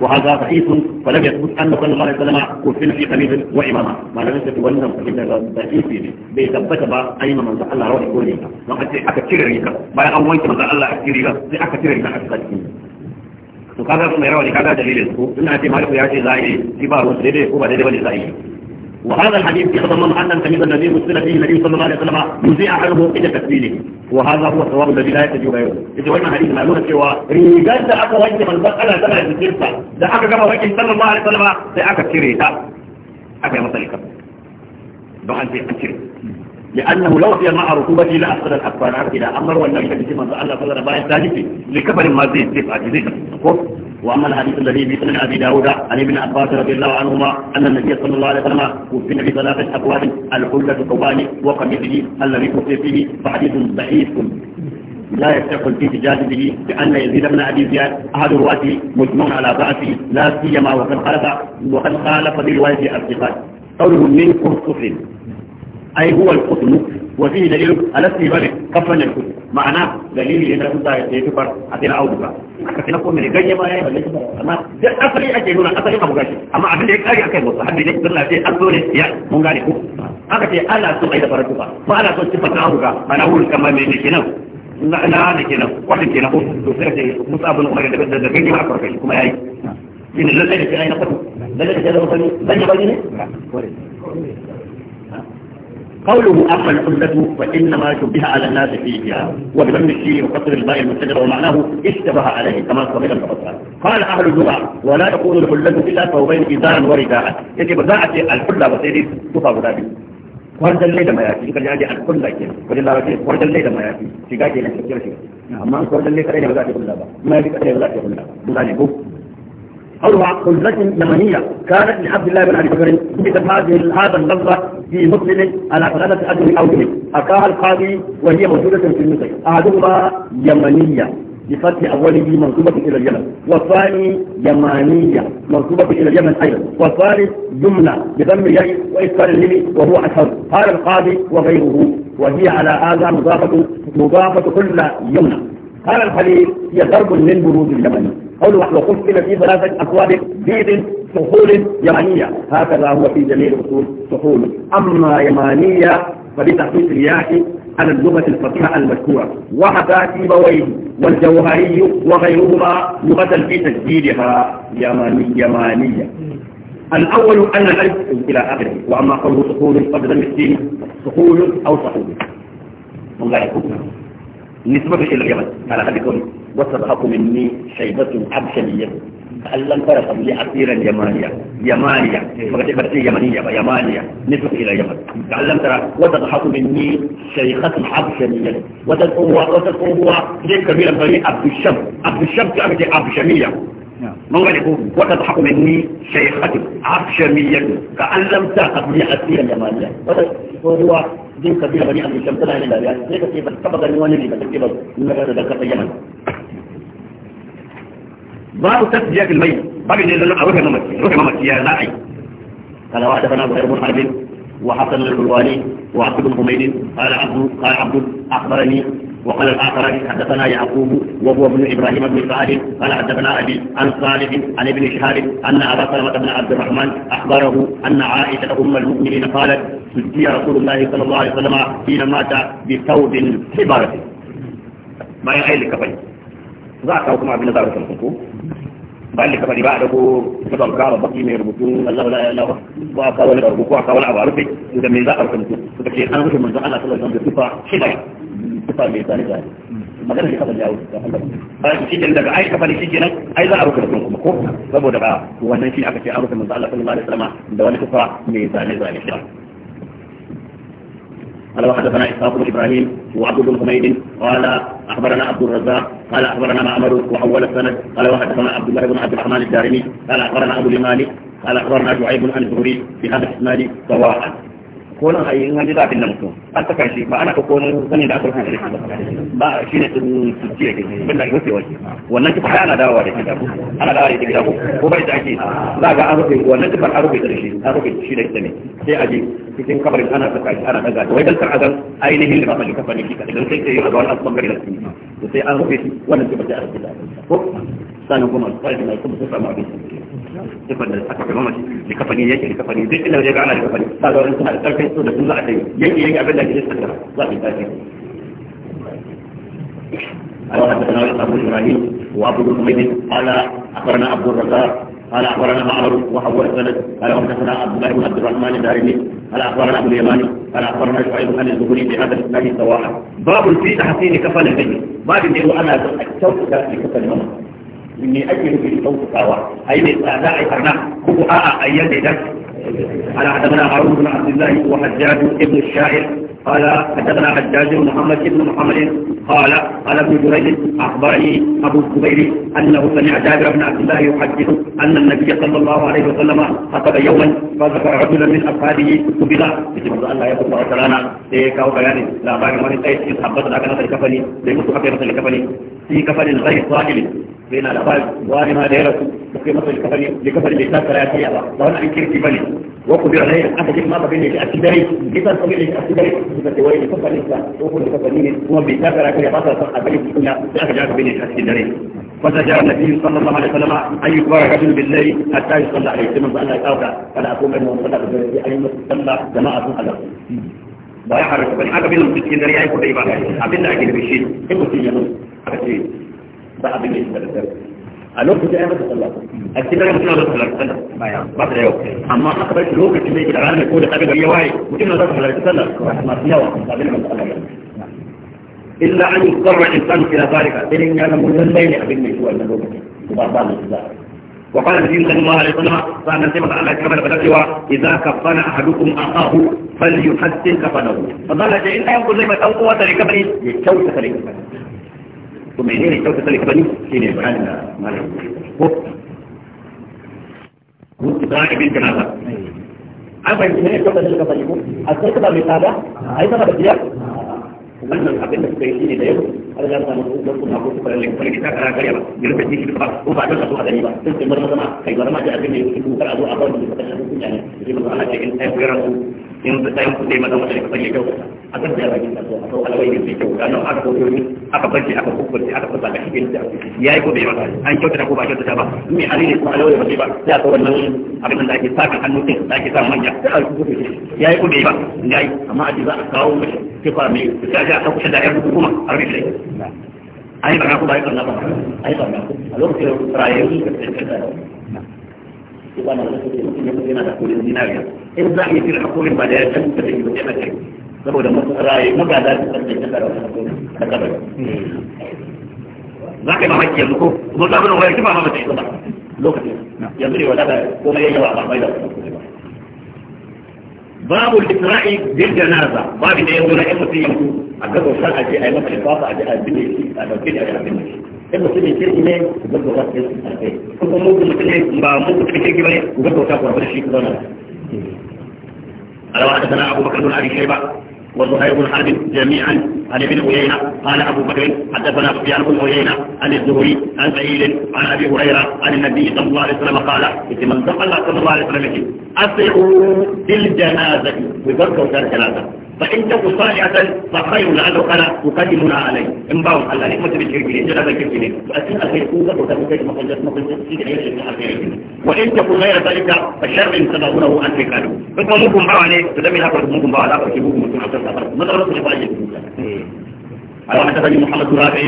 وهذا ضعيف ولم يثبت أن صلى الله عليه وسلم كفن في قميص وإمامة ما لم يثبت ولم ضعيف بيت با أيما من سأل الله روحي وسلم وقد أكثر تشريك بايا أمويت من سأل الله أكثر وسلم أكا تشريك أكا to kaga mai rawa ne kaga dalilin ko ina ياتي maliku ya ce zai shi ba ruwan وهذا الحديث يتضمن أن تميز الذي مثل فيه النبي صلى الله عليه وسلم يزيع عنه إلى تكفيره وهذا هو الثواب الذي لا يتجه غيره إذا وإن حديث معلومة سوى رجال دا أكا وجه من بقى لا تبع الجنسة دا كما وجه صلى الله عليه وسلم دا أكا كريتا أكا يمثل كبير دعا أنت لأنه لو في مع ركوبتي لأفقد الأكبر إلى أمر وأن الذي من الله صلى الله عليه وسلم لكبر ما زيد في عجيزيك وأما الحديث الذي في سنن أبي داود عن ابن عباس رضي الله عنهما أن النبي صلى الله عليه وسلم كفن بثلاثة أقوال الحلة ثوبان وقميصه الذي كفن فيه فحديث ضعيف لا يفتح في تجاذبه بأن يزيد بن أبي زياد أحد الرواة مجمع على ضعفه لا سيما وقد خالف وقد خالف برواية أصدقائه قوله من كفر أي هو القتل وفيه دليل على استيبابه كفن الكتب معناه دليل إذا كنت يكبر أتنا أو دفع لكن أقول من الجنة ما يعمل أما أصلي أجي هنا أصلي أبو غاشي أما أبن لك أجي أكيد وصح أبن لك بالله في أبدو لك يا مونغاري ألا سوء إذا فرقها فألا سوء سفة أبو غاشي أنا أقول كما من الجنة لا na da kenan wannan kenan ko to sai ce musa abin umar da da gani ma farka shi kuma yayi in lalle da kai na farko قوله أما الحلة فإنما شبه على الناس فيها وبضم الشيء وقصر الماء المستدر ومعناه اشتبه عليه كما قبل الفصل قال أهل اللغة ولا تكون الحلة إلا ثوبين إزارا ورداء يجب ذاعة الحلة وسيري تفاضل ذلك kwarjan lai da يأتي ka jaje an kulla ke wajen larabci kwarjan lai da mayafi shiga ke nan tafiyar shiga amma kwarjan lai kadai ne ba za ta kulla ba mayafi kadai ba أروع يمنية كانت لعبد الله بن أبي بكر بسبب هذه هذا اللفظ في مسلم على ثلاثة أجر أو أكاها القاضي وهي موجودة في المصر أحدهما يمنية بفتح أوله منصوبة إلى اليمن والثاني يمانية منصوبة إلى اليمن أيضا والثالث جملة بضم الياء وإسكان الهم وهو أشهر قال القاضي وغيره وهي على هذا مضافة مضافة كل يمنى قال الخليل هي ضرب من برود اليمن قوله وقتل في ثلاثة أكواب بيض سحول يمنية هكذا هو في جميع الأصول سحول أما يمانية فبتحقيق الياح على اللغة الفصيحة المشهورة وحتى بويه والجوهري وغيرهما لغة في تجديدها يماني يمانية الأول أن الألف إلى آخره وأما قوله سحول قبل المسكين سحول أو سحول الله يكون نسبة إلى اليمن على هذا الكون وتضحك مني شيبة أبشرية فألم ترى قبلي أسيرا يمانيا يمانيا فقد يمنية ويمانيا نسبة إلى اليمن فألم ترى وتضحك مني شيخة أبشرية وتدعو وتدعو هو كبيرا بني عبد الشمس عبد الشمس عبد يعني الشمية نعم. يقول وتضحك مني شيختي عفشمية كأن لم تعقد لي أسيرا يمانيا وهو دين كبير بني أبي الشمس لا إله إلا الله ليس كيف تقبض النواني لي بس كيف نغير ذلك اليمن باب تسجية الميت باب جيزة أروح ممكي روح ممكي يا زاعي قال واحد بخير غير حرب وحسن الحلواني وعبد بن حميد قال عبد قال عبد اخبرني وقال الاخر حدثنا يعقوب وهو ابن ابراهيم بن سعد قال حدثنا ابي عن صالح عن ابن شهاب ان ابا سلمه بن عبد الرحمن اخبره ان عائشه ام المؤمنين قالت سجي رسول الله صلى الله عليه وسلم حين مات بثوب حبرة ما لك كفين طيب. ذاك او كما نزار الحكم ba da kabari ba da ko kaban kara baki mai rubutun Allah la ilaha ko aka wani da ko aka wani abu rufe da me za a rubuta suka ce an rubuta manzon Allah sallallahu alaihi wasallam da sifa shida sifa mai tsari da magana da kaban yawo da Allah ba shi din daga ai kafali shi kenan ai za a rubuta sun kuma ko saboda ba wannan shi aka ce an rubuta manzon Allah sallallahu alaihi wasallam da wani sifa mai tsari da قال وحدثنا اسحاق بن ابراهيم وعبد بن حميد قال اخبرنا عبد الرزاق قال اخبرنا معمر واول السند قال وحدثنا عبد الله بن عبد الرحمن الدارمي قال اخبرنا ابو اليماني قال اخبرنا شعيب عن الزهري هذا الاسناد سواء ko nan ayi in an ji zafin da mutum an saka shi ba ana ɗauko wani sanin da aka rufe da ba shi ne sun ci da kai bin da rufe wani wannan kifa ana dawowa da gida ana dawowa da gida ko bai da ake za ga an rufe wannan kifa an rufe da shi an rufe shi da ita ne sai a je cikin kabarin ana saka shi ana daga wai dan azan ainihin da ba mamaki kafa ne kika Dan sai ka yi a ga wani bangare da su sai an rufe shi wannan kifa sai ta rufe da ko sannan kuma alfahari na kuma sun samu abin sifar da aka kama mace da kafani yake da kafani duk inda ga ana da kafani sa da wani da karfin so da sun a kai yanke yanke abin da ke sassa za a yi tafi قال حدثنا ابو ابراهيم وابو محمد قال اخبرنا عبد الرزاق قال اخبرنا معمر وحول السند قال حدثنا عبد الله بن عبد الرحمن الدارمي قال اخبرنا ابو اليماني قال اخبرنا شعيب عن الزهري بهذا الاسناد سواء باب في تحسين كفن الميت باب يقول انا اكتوت في كفن الميت me أجل في da kyautatawa ai ne tsada ai karna ko a'a ai yadda idan ala hadana harun bin abdullah wa قال حدثنا حجاج محمد بن محمد قال قال ابن جريج اخبرني ابو الزبير انه سمع جابر بن عبد الله يحدث ان النبي صلى الله عليه وسلم خطب يوما فذكر رجلا من اصحابه قبل يجب ان الله يقول الله تعالى ايه كاو بيان لا بعد ما نتايس حبت لك نفس الكفني ليمسوا حقيقه الكفني في كفن غير صائل بين الأفاج وانما ديرك في مصر الكفر لكفر الإسلام ثلاثية وهنا أن كيرك بني عليه أنت جيت ما تبين لك أكدري جيت أن تبين لك أكدري بسبب النبي صلى الله عليه وسلم أن يكبر رجل بالليل حتى يصلى عليه وسلم فأنا أتوقع فلا أقوم أنه صلى بالله أن يصلى جماعة أدر بايع حركة بني أكبر من تسكين دريا يكون بإبارة أبدا أكيد بشيء إبو سيجنون صاحبي اللي يسمى الرسالة الوقت جاء ما تقول لك أكتب لك مثل الرسالة أنا ما في يوم أما أقبلت الوقت اللي يجب العالم يقول لك أبدا يواي وكما تقول لك الرسالة ما في يوم إلا أن يضطر الإنسان إلى ذلك إن أنا مجنن لي أبين من شوى الملوك وبعضان الإنسان وقال الذين صلى الله عليه وسلم فان نسمت على كبر بدلوا اذا كفن احدكم اخاه فليحسن كفنه فظل جئنا يقول لما تلقوا تلك بني يتشوش تلك to menene kyautata likabani shine bayanin da malamin ko mutuwa bin jama'a an fahimci ne kyautata likabani ko a sarkata mai tsada a yi sama da biyar wannan abin da suka yi shine da yau har za su samu don kuma ko suka lalle kuma kita kara karya ba da lokaci shi ba ko ba don a zo a gani ba sai sai marmar zama kai marmar da abin da yau kuma kar a zo a ba wani da suka shafi kunya ne sai mu zo ana cikin ɗaya kuyarar su in da ɗayan kuɗe maza wata ka sanya kyau a kan jihar bakin kasuwa a kawai alawai mai kyau ranar aka kawo yoyi aka barci aka kukurci aka kusa da shi ya yi ko bai masa an kyautata ko ba kyautata ba me hali ne kuma alawai ba sai ba sai a kawai nan abin da ake sakan hannu sai da ake sa manja sai a kusa ya yi ko bai ba ya yi amma a ce za a kawo mashi kifa mai sai a kusa da yan hukuma a rufe shi a yi barna ko ba yi barna ba a yi barna a lokacin rayuwar su ka tsaye da shi wannan lokacin yana da kudin dinariya in za a yi cire hakorin ba da ya san da shi ba yana kai saboda rayu magada su san da ta kara hakorin da kara za ka yi mamaki yanzu ko kuma za ka wayar kifa ma ba ta yi ba lokacin yanzu ne wadata ko na yawa ba bai da babu isra'i bil janaza babu da yanzu na yan mutum yanzu a gaba san a je a yi masa ifafa a je a binne shi a dauke da a binne shi in mutum ne kirki ne gaba ba sai su tafi kuma mutum ne ba mutum ne kirki ba ne gaba ta kwarbar shi ku zauna قال وحدثنا ابو بكر بن ابي شيبه وزهير بن حرب جميعا عن ابن عيينة قال أبو بكر حدثنا سفيان بن عيينة عن الزهري عن سعيد عن أبي هريرة عن النبي صلى الله عليه وسلم قال إذا من الله صلى الله عليه وسلم أسعوا بالجنازة وذكروا الجنازة فإن تكون صالحة فخير لعله قال تقدمنا عليه إن باو الله نعمة بالشرك جنازة جلب الكرك فأسين أخير قوة وتبكيت مخلص مخلص سيد عيش الحقيقين وإن تكون غير ذلك فشر تدعونه أن تكادوا فقومكم باو عليه تدمي لها فقومكم باو على فكبوكم على من الرسول يبين حدثني محمد رافع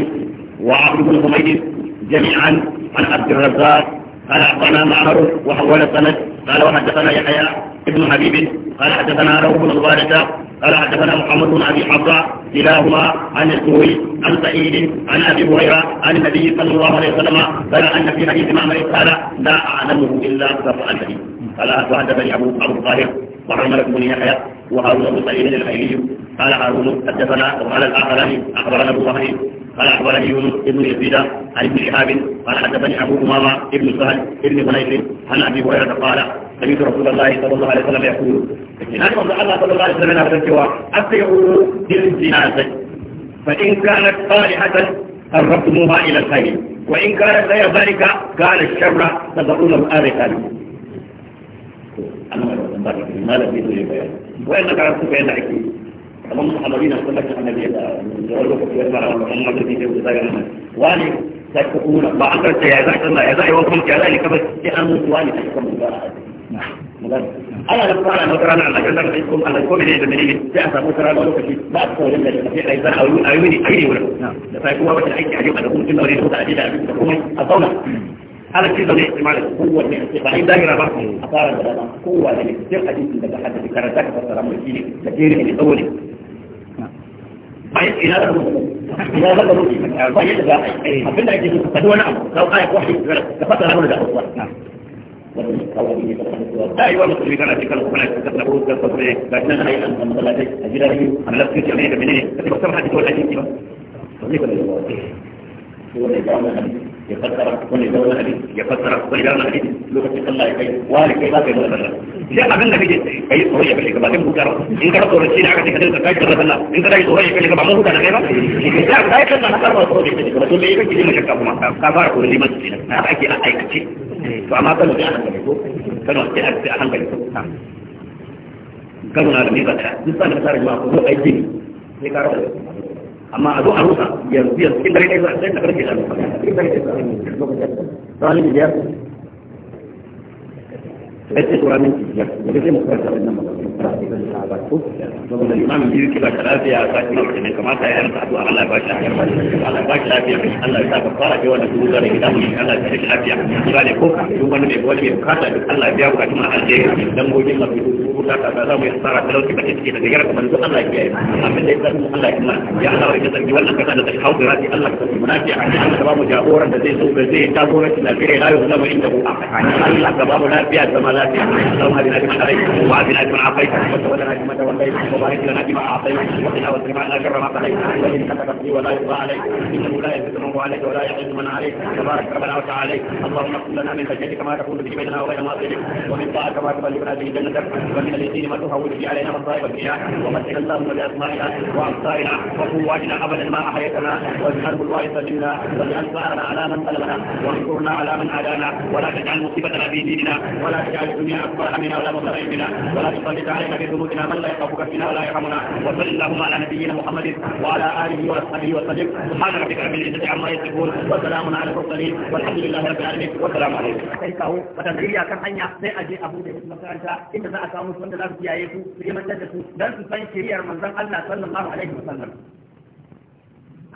وعبد بن حميد جميعا عن عبد الرزاق قال اعطانا معمر وحول السند قال وحدثنا يحيى ابن حبيب قال حدثنا روح بن الوالدة قال حدثنا محمد بن ابي حفصه كلاهما عن الزهري عن سعيد عن ابي هريره عن النبي صلى الله عليه وسلم قال ان في حديث معمر قال لا اعلمه الا كفر الحديث قال وحدثني ابو ابو الطاهر وعمر بن يحيى وهارون بن سعيد الحيلي قال هارون حدثنا وقال الاخران اخبرنا ابو وهب قال اخبرني يونس بن يزيد عن ابن شهاب قال حدثني ابو امامه بن سهل بن بنيس عن ابي هريره قال سمعت رسول الله صلى الله عليه وسلم يقول صلى الله عليه وسلم هذا فان كانت صالحه قربتموها الى الخير وان كانت غير ذلك كان الشر تدعونه ابدا انا ما لك ما لا بيدو يبقى وانك عرفت بين عكي اللهم محمدين اقول لك ان النبي يقول لك يسمع محمد في جو زي واني تكون بعض يا زعي الله يا زعي وكم كذلك بس انا واني تكون أنا لما أنا مثلا على جنب عندكم أنا كل اللي بدي جاهز مثلا لو كنت ما أقول إلا في أيضا أو أيوني أيوني ولا فيكون هو بس الحكي عجيب أنا كنت أريد أن أقول أقول هذا كيف ده احتمال قوة الاستقلال ده غير بقى أطار ده قوة ده حد في كرتك فسر مكيني كثير من الأول بعيد إلى إلى هذا الوقت بعيد ده أبدا يجي فهو نعم لو آية واحد كفتر هذا ده نعم في كلام فلان كتبنا بروز كتبنا أنا أيضا من ثلاثة أجل هذه أنا لا أفكر جميع منين كتب سمحت ولا أجيب كذا ya fassara ku ne da wani ya fassara ku ne da wani lokacin Allah ya kai wani kai ba kai da Allah sai abin da kake kai tsoro ya kai ba kai mu karo in ka tsoro shi da aka kai da kai da Allah in ka dai tsoro ya kai ba mu da kai ba sai ka dai kan na karba tsoro da kai ba to me yake ji maka kuma ka fara ku liman su ne haka ake an aikace to amma kana da hankali ko kana da hankali ko kana da mika duk sanin sarin ma ko aiki ne sai ka rawa amma a zo a rusa ya rubiya cikin dare ɗaya sai da karfe ɗaya cikin dare ɗaya tsawon da biyar ɗaya ce tsoron minti biyar da zai mu karanta wannan magana saboda imam biyu kila ka lafiya a sati mafi ne kamata ya yarda addu'a Allah ba shi lafiya Allah ba shi lafiya Allah ya ka fara biyo wannan dubu zara gida mu Allah ya shi lafiya ba ne ko duk wani mai wani bukata duk Allah ya biya bukatun alheri dan gojin mafi dubu ta ta za mu yi tsara talauci da take da gara kamar duk Allah ya kiyaye amma dai zan Allah ya mana ya Allah ya tsaki wannan kasa da take hauka rati Allah ka tsaki munafiya Allah ka ba mu jagoran da zai so ba zai jagoranci na kare rayu zama inda ku Allah ka ba mu lafiya zama lafiya Allahumma bina bina alaikum wa bina bina afai عليك نعمة ولا نعمة والبيت وبارك لنا فيما أعطينا وقنا واصرف عنا شر ما قضيت وإن لي ولا يرضى عليك إنه لا يزيد عليك ولا يعز من عليك تبارك وتعالى اللهم اغفر لنا من خشيتك ما تكون به بيننا وبين معصيتك ومن طاعتك ما تبلغنا به جنتك ومن اليقين ما تهون به علينا مصائب الدنيا ومسك اللهم بأسمائنا وأبصارنا وقواتنا أبدا ما أحيتنا واجعله الوارث منا واجعل ثارنا على من ظلمنا وانصرنا على من عادانا ولا تجعل مصيبتنا في ديننا ولا تجعل الدنيا أكبر همنا ولا مصائبنا ولا تسلط علينا بذنوبنا من لا يخافك فينا ولا يرحمنا وصل اللهم على نبينا محمد وعلى اله وصحبه وسلم سبحان ربك رب العزه عما يصفون وسلام على المرسلين والحمد لله رب العالمين والسلام عليكم. kai kawo wata zuriya kan hanya sai a je a bude su makaranta inda za a samu su wanda za su kiyaye su su ilmantar da su dan su san shiriyar manzon Allah sallallahu alaihi wasallam.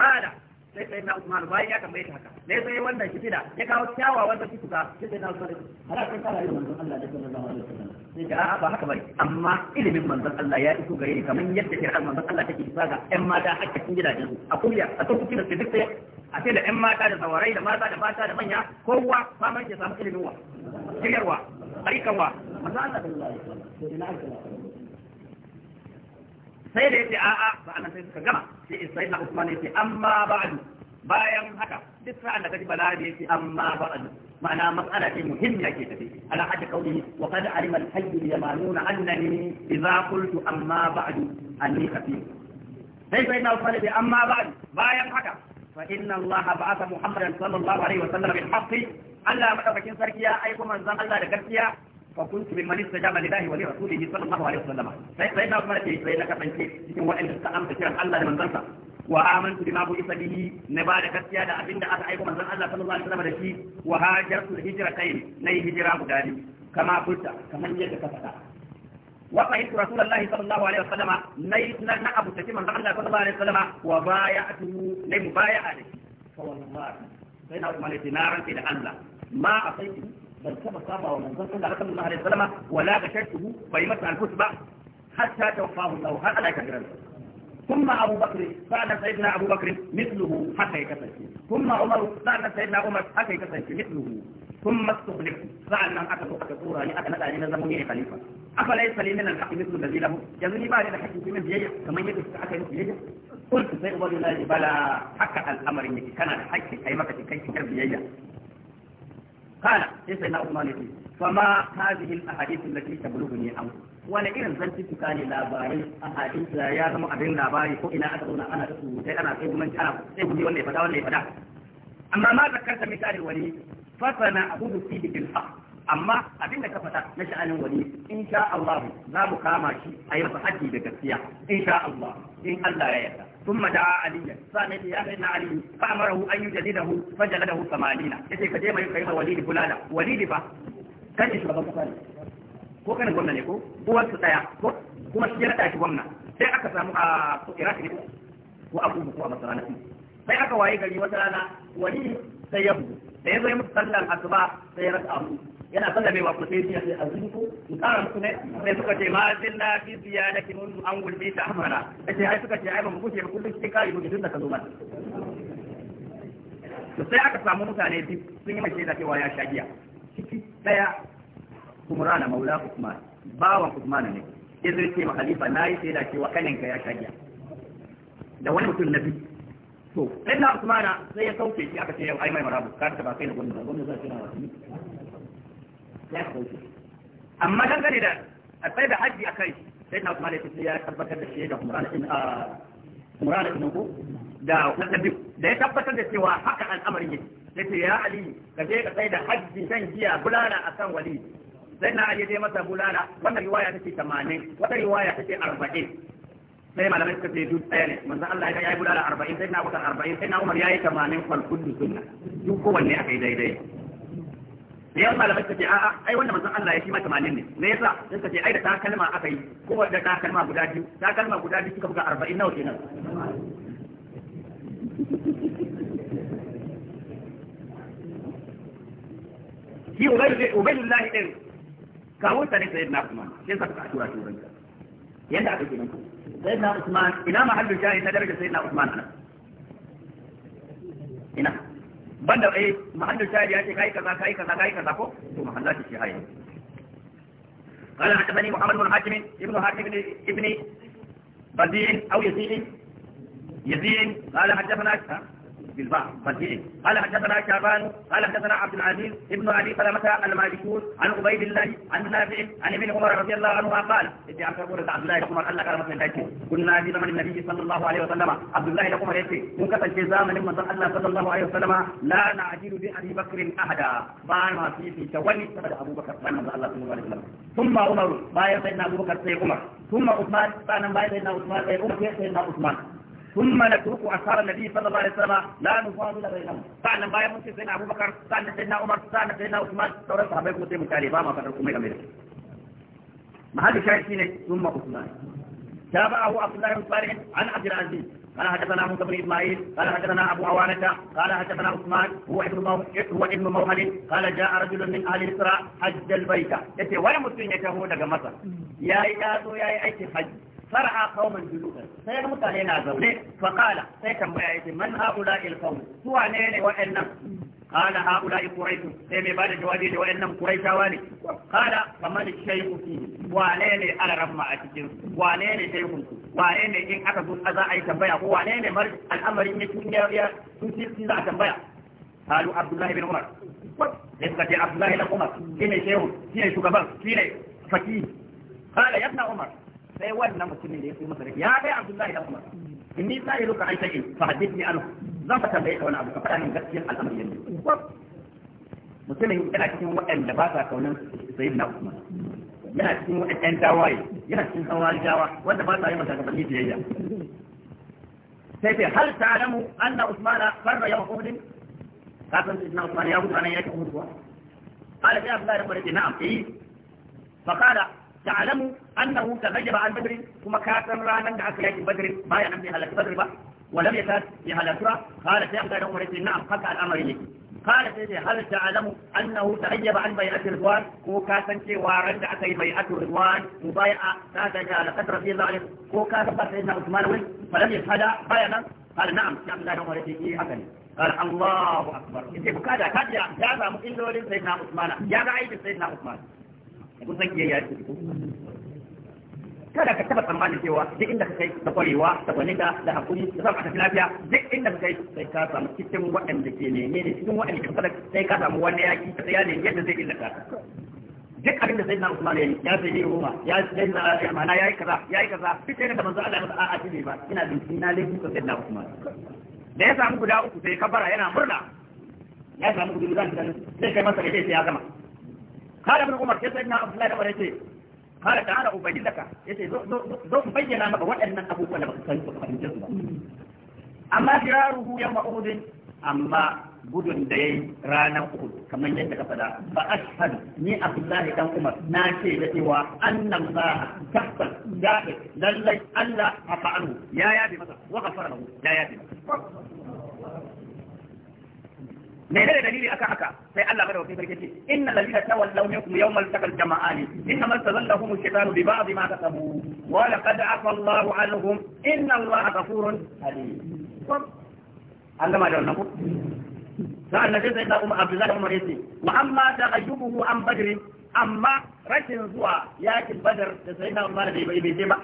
Hada sai sai na Usman bayan ya tambaye ta haka ne sai wanda ki kifida ya kawo kyawa wanda ki kuka sai sai na Usman ala kan fara yin manzon Allah da sallallahu alaihi wasallam sai ga a ba haka bari amma ilimin manzon Allah ya iso gare ni kamar yadda kira manzon Allah take isa ga ƴan mata hakka cikin gidajen su a kuriya a tokoki da duk sai a ce da ƴan mata da sawarai da mata da mata da manya kowa ba man ke samu ilimin wa shiryarwa ayyukan wa manzon Allah sallallahu alaihi wasallam sai da yace a'a sa'an sai suka gama sai sai na Usman yace amma ba'du bayan haka duk sa'an da kaji bala da yace amma ba'du ma'ana mas'ala ce muhimmiya ke tafi ala hada qawli wa qad alima al-hayy yamanuna annani idza qultu amma ba'du anni kafir sai sai na Usman yace amma ba'du bayan haka fa inna Allah ba'atha Muhammadan sallallahu alaihi wa sallam bil haqq Allah madaukakin sarki ya aiko manzon Allah da gaskiya فكنت ممن استجاب لله ولرسوله صلى الله عليه وسلم سيدنا عمر كي سيدنا كفنتي cikin waɗanda suka amsa kiran Allah da manzansa wa amantu bima bu isa bihi na ba da gaskiya da abinda aka aika manzon Allah sallallahu alaihi wasallam da shi wa hajartu hijratayn nay hijra guda ne kama kunta kaman yadda ka faɗa wa qaitu rasulullahi sallallahu alaihi wasallam nay na abu tafi manzon Allah sallallahu alaihi wasallam wa bay'atu nay mubaya'a ne fa wallahi sai na umma ne da Allah ma asaitu بل كما صاب ومن الله صلى الله عليه وسلم ولا بشرته فيمسع الكتب حتى توفاه الله هذا كبيرا ثم أبو بكر بعد سيدنا أبو بكر مثله حتى يكتسب ثم عمر بعد سيدنا عمر حتى يكتسب مثله ثم استخلف فعلا أكد أكد صورة لأكد أكد نظمني خليفة أفليس لي من الحق مثل الذي له يظني بالي لحكي في من بيجة كما يجب حتى يجب قلت سيقول الله بلا حق الأمر إنك كان الحق كي مكتب كي تكر بيجة قال ليس لا أمان يقول فما هذه الأحاديث التي تبلغني عنه wani irin zanci tuka ne labarai a hadin da ya zama abin labari ko ina aka zauna ana su sai ana sai kuma ana sai kuma wanda ya fada wanda ya fada amma ma zakarta misali wani fasana abudu fi bil haqq amma abin da ka fata na sha'anin wani in sha Allah za mu kama shi a yi haji da gaskiya in sha Allah in Allah ya yarda ثم دعا عليا سألت يا سيدنا علي فأمره أن يجلده فجلده ثمانين يتي كجيما يكيما وليد فلانا وليد فا كان يشبه بكفاني ko kana gwamna ne ko uwar su daya ko kuma shi ya shi gwamna sai aka samu a iraq ne ko abu ko a masarana sai aka waye gari wata rana wani sai ya bugu da ya zo musu sallan asuba sai ya rasa abu yana mai ku sai biya sai azinku in kara muku ne sai suka ce ma na fi ziyadati mundu an gulbi ta amara sai ai suka ce ai ba mu kushe ba kullum cikin kari muke tunda ka zo mana to sai aka samu mutane biyu sun yi mace da cewa ya sha giya ciki daya kumrana maula usman bawan usman ne zai ce ma khalifa na sai da cewa kaninka ya sha giya da wani mutum na biyu to sai na usmana sai ya sauke shi aka ce yau ai mai marabu ka ta ba kai da gwamnati gwamnati zai na wasu ya ka amma dangane a da sai ya tabbatar da shi da ah, da da ya tabbatar ya malamai suka ce duk ɗaya ne manzan Allah ya yi bulala arba'in sai na wutar arba'in sai na Umar ya yi tamanin fal kullu sunna duk kowanne a kai daidai da yan malamai suka ce a'a ai wanda manzon Allah ya shi ma 80 ne me yasa sai suka ce ai da ta kalma aka yi kuma da ta kalma guda biyu ta kalma guda biyu suka buga 40 nawa kenan shi ubaidullahi din kawo ta ne sayyidina Usman sai suka ka tura turan yanda aka kenan na Usman ina mahallin jahi na darajar na Usman ina banda kai eh, mahallin shari'a ce kai kaza kai kaza kai kaza ko to mahalla ce shi haye qala hadathani muhammad bin hakim ibnu hakim ibn ibni badin aw yazid yazid qala hadathana بالبحر مرجعه قال حدثنا شعبان قال حدثنا عبد العزيز ابن علي سلمه المالكون عن عبيد الله عن نافع عن ابن عمر رضي الله عنهما قال انت عم تقول عبد الله بن عمر الله كرمت من دايتي كنا في زمن النبي صلى الله عليه وسلم عبد الله بن عمر يتي من كتن زمن من الله صلى الله عليه وسلم لا نعجل بابي بكر احدا بعد ما في في تولي سبب ابو بكر من الله صلى الله عليه وسلم ثم عمر بايع سيدنا ابو بكر سيدنا عمر ثم عثمان بعد بايع سيدنا عثمان سيدنا عثمان ثم نترك أصحاب النبي صلى الله عليه وسلم لا نفاضل بينهم فعلا بايا ممكن سيدنا أبو بكر سعنا سيدنا عمر سعنا سيدنا عثمان سورة صحابة يقول سيدنا مكالي باما فتركم ميغا ميغا ما هذا شايف ثم عثمان تابعه عبد الله بن صالح عن عبد العزيز قال حدثنا موسى بن اسماعيل قال حدثنا ابو عوانه قال حدثنا عثمان هو ابن هو ابن موهل قال جاء رجل من اهل مصر حج البيت يتي ولا مسلم يتهو دغ مصر يا يا يا ايت حج Farafa a kauman dule. Sai mutane na zaune. Faɗawa ne kuma Sadiya tambayaye sai mana a'ul zaki yi sauri. Su wane ne wayannan? Kala a'ul zaki yi sauri. Sai me ba ni jawabini wayannan kurai tawani? Ƙala ne ne in aka son aza a tambaya ko? Wane ne mara al'amarin ya cika a tambaya? Halu Abdullahi bin Umar. Rufi kaciyar Abdullahi bin Umar. Ki ne Shehu? Ki ne Shugaban? Ki ne Fati? Ƙala yadda Umar. sai wannan mutumin da ya fi masa ya kai Abdullahi dan ni sai ruka an shay'in fa hadithni anhu zan fata bai ka wani abu ka faɗa min gaskiya al'amari yanzu mutumin yana cikin waɗanda ba sa kaunan sayyid na Usman yana cikin waɗannan tawaye yana cikin hawari jawa wanda ba sa yi masa gaban biyayya sai sai hal ta'lamu anna Usmana farra yawm Uhud ka san na Usman ya mutu ya yakin Uhud kuwa قال يا عبد الله ربنا نعم ايه فقال تعلموا أنه تغيب عن بدر ثم كاتم رانا دعك يجب بدر ما يعلم بهلك بدر ولم يكاد ترى قال سيحدى لهم رجل نعم حتى الأمر لي قال سيدي هل تعلم أنه تغيب عن بيعة رضوان وكاسن شيء وارد عكي بيعة رضوان مبايعة كاسن على قدر رضي الله عنه وكاسن سيدنا عثمان وين فلم يفعل بيعنا قال نعم سيحدى لهم رجل إيه حكني قال الله أكبر إذا كذا كذا جاء مؤلول سيدنا عثمان يا عيد سيدنا عثمان kusan kiyayya ce kada ka taba tsammanin cewa duk inda ka kai da kwarewa da gwaninta da hakuri da zama tafi lafiya duk inda ka kai sai ka samu cikin waɗanda ke neme ne cikin waɗanda ke sadaka sai ka samu wani yaki sai ya ne yadda zai illata ka duk abin da sayyidina Usman ya yi ya sai Roma ya sayyidina Yamana ya yi kaza ya yi kaza duk sai da manzo Allah ya a'a ne ba ina bin ina laifin ka sayyidina Usman da ya samu guda uku sai kabara yana murna ya samu guda uku sai kai masa da sai ya gama قال ابن عمر كيف سيدنا عبد الله عمر يتي قال تعالى أبين لك يتي ذو مبين ما بوأ أن أبوك ولا بخير أما فراره يوم أهد أما gudun da ya yi ranar uku kamar yadda ka faɗa ba ashhadu ni abdullahi dan umar na ce da cewa annan ba tabbas da lallai Allah a fa'alu ya yabe masa wa fara lahu ya yabe masa menene dalili akan haka sai Allah madawacin sarki ce innal ladina tawallaw minkum yawmal taqal jama'ani innamal tazallahum ash-shaytanu bi ba'd ma kasabu wa laqad afa Allahu anhum inna Allaha ghafurun halim an gama da wannan ku sa'an nan sai da Umar Abdullahi Umar yace wa amma taghayyubuhu an badrin amma rashin zuwa yakin badar da sai da Umar bai bai ce ba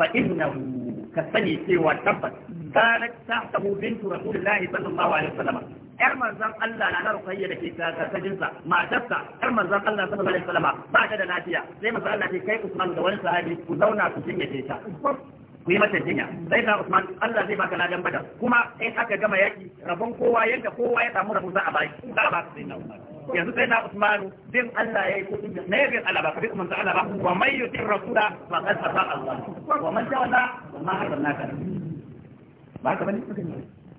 fa innahu ka sani cewa tabbas kanat tahtahu bintu rasulillahi sallallahu alaihi wasallam yar manzan Allah na na rukayya da ke kasajinsa matarsa yar manzan Allah sallallahu alaihi ba ta da lafiya sai manzon Allah ya kai Usman da wani sahabi ku zauna su ku jinyace ta ku yi mata jinya sai na Usman Allah zai baka ladan badar kuma in aka gama yaki rabon kowa yadda kowa ya samu rabo za a baki za a baka sai na Usman yanzu sai na Usman bin Allah ya yi ko na yabi Allah ba ka bin manzo Allah ba wa may yutir rasula faqad ata Allah wa man tawalla ma hadanaka ba ka bane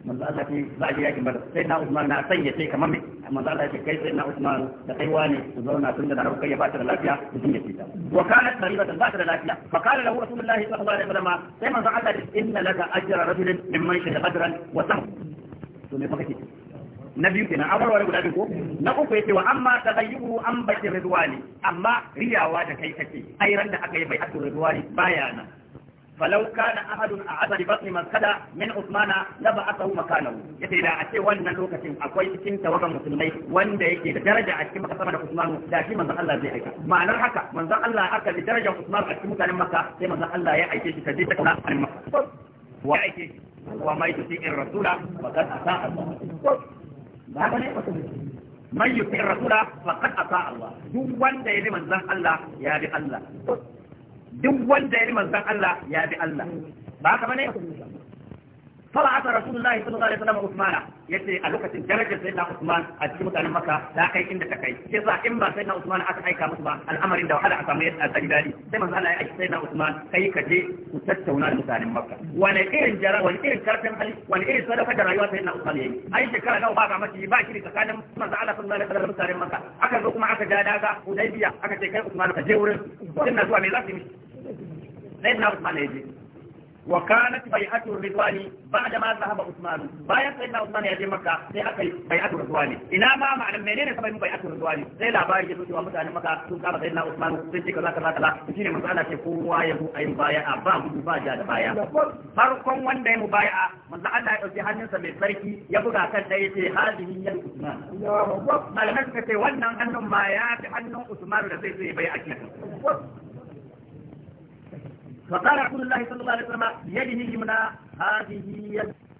manzo Allah ce ba a yakin bada sai na Usman na sanya sai kamar me manzo Allah ce kai sai na Usman da kai wani su zauna tun da rabu kai ya ba ta da lafiya mutum ya fita wa kanat maribatan ba ta da lafiya fa qala lahu rasulullahi sallallahu alaihi wasallam sai manzo Allah ce inna laka ajra rajulin mimman shahida badran wa sam to me faka kike na biyu kenan an warware guda biyu ko na uku yace wa amma tabayyu an bashir ridwani amma riyawa da kai kake ai ran da aka yi bai ridwani baya nan فلو كان أحد أعطى لبطن مسكدة من عثمان لبعثه مكانه يتي لا أتي وانا لوكة أقوي سكين توقع مسلمي وانا يكي درجة أكي كتابة عثمان لا من منظر الله زي حكا نرحك من ذا الله حكا لدرجة عثمان كان مكا مكة من ذا الله يأيكي تجيب تكنا عن مكة ويأيكي وما يتسيء الرسول وقد أساء الله ما ليه من يطيع الرسول فقد أطاع الله دون وانا ده من ذا الله يا الله duk wanda ya bi manzon Allah ya bi Allah ba haka bane طلعت رسول الله صلى الله عليه وسلم عثمان يتي الوقت درجة سيدنا عثمان أتي متى مكة لا كي إن تكي كذا إما سيدنا عثمان أتى أي كمصبا الأمر إن دوحل أتميت التجدالي ثم زال أي سيدنا عثمان كي كجي وتتونا المسان مكة وأنا إيرن جرى وأنا إيرن كرت مخلي وأنا إيرن سلف جرى يوا سيدنا عثمان يجي أي شكرا لو بعد ما تجي باكر تكان ثم زال صلى الله عليه وسلم مسان مكة أكل ركما أكل جادا أكل وديبيا أكل تكي عثمان كجورن وإن زوا ميلاتي sai na Usman ya je wa kanat bai'atu ridwani ba'da ma zahaba Usman bayan sai na Usman ya je Makka sai aka yi bai'atu ridwani ina ma ne menene sabai bai'atu ridwani sai labari ya zuwa mutanen maka sun kama sai na Usman sun ce kaza kaza kaza shine manzo Allah ce kowa ya bu ayi baya'a ba gudu ba ja da baya farkon wanda ya mu baya'a manzo Allah ya dauki hannunsa mai sarki ya buga kan dai sai hadihi ya Usman malamai suka ce wannan hannun ma ya fi hannun Usman da zai zai bai'a kenan فقال رسول الله صلى الله عليه وسلم يده اليمنى هذه يد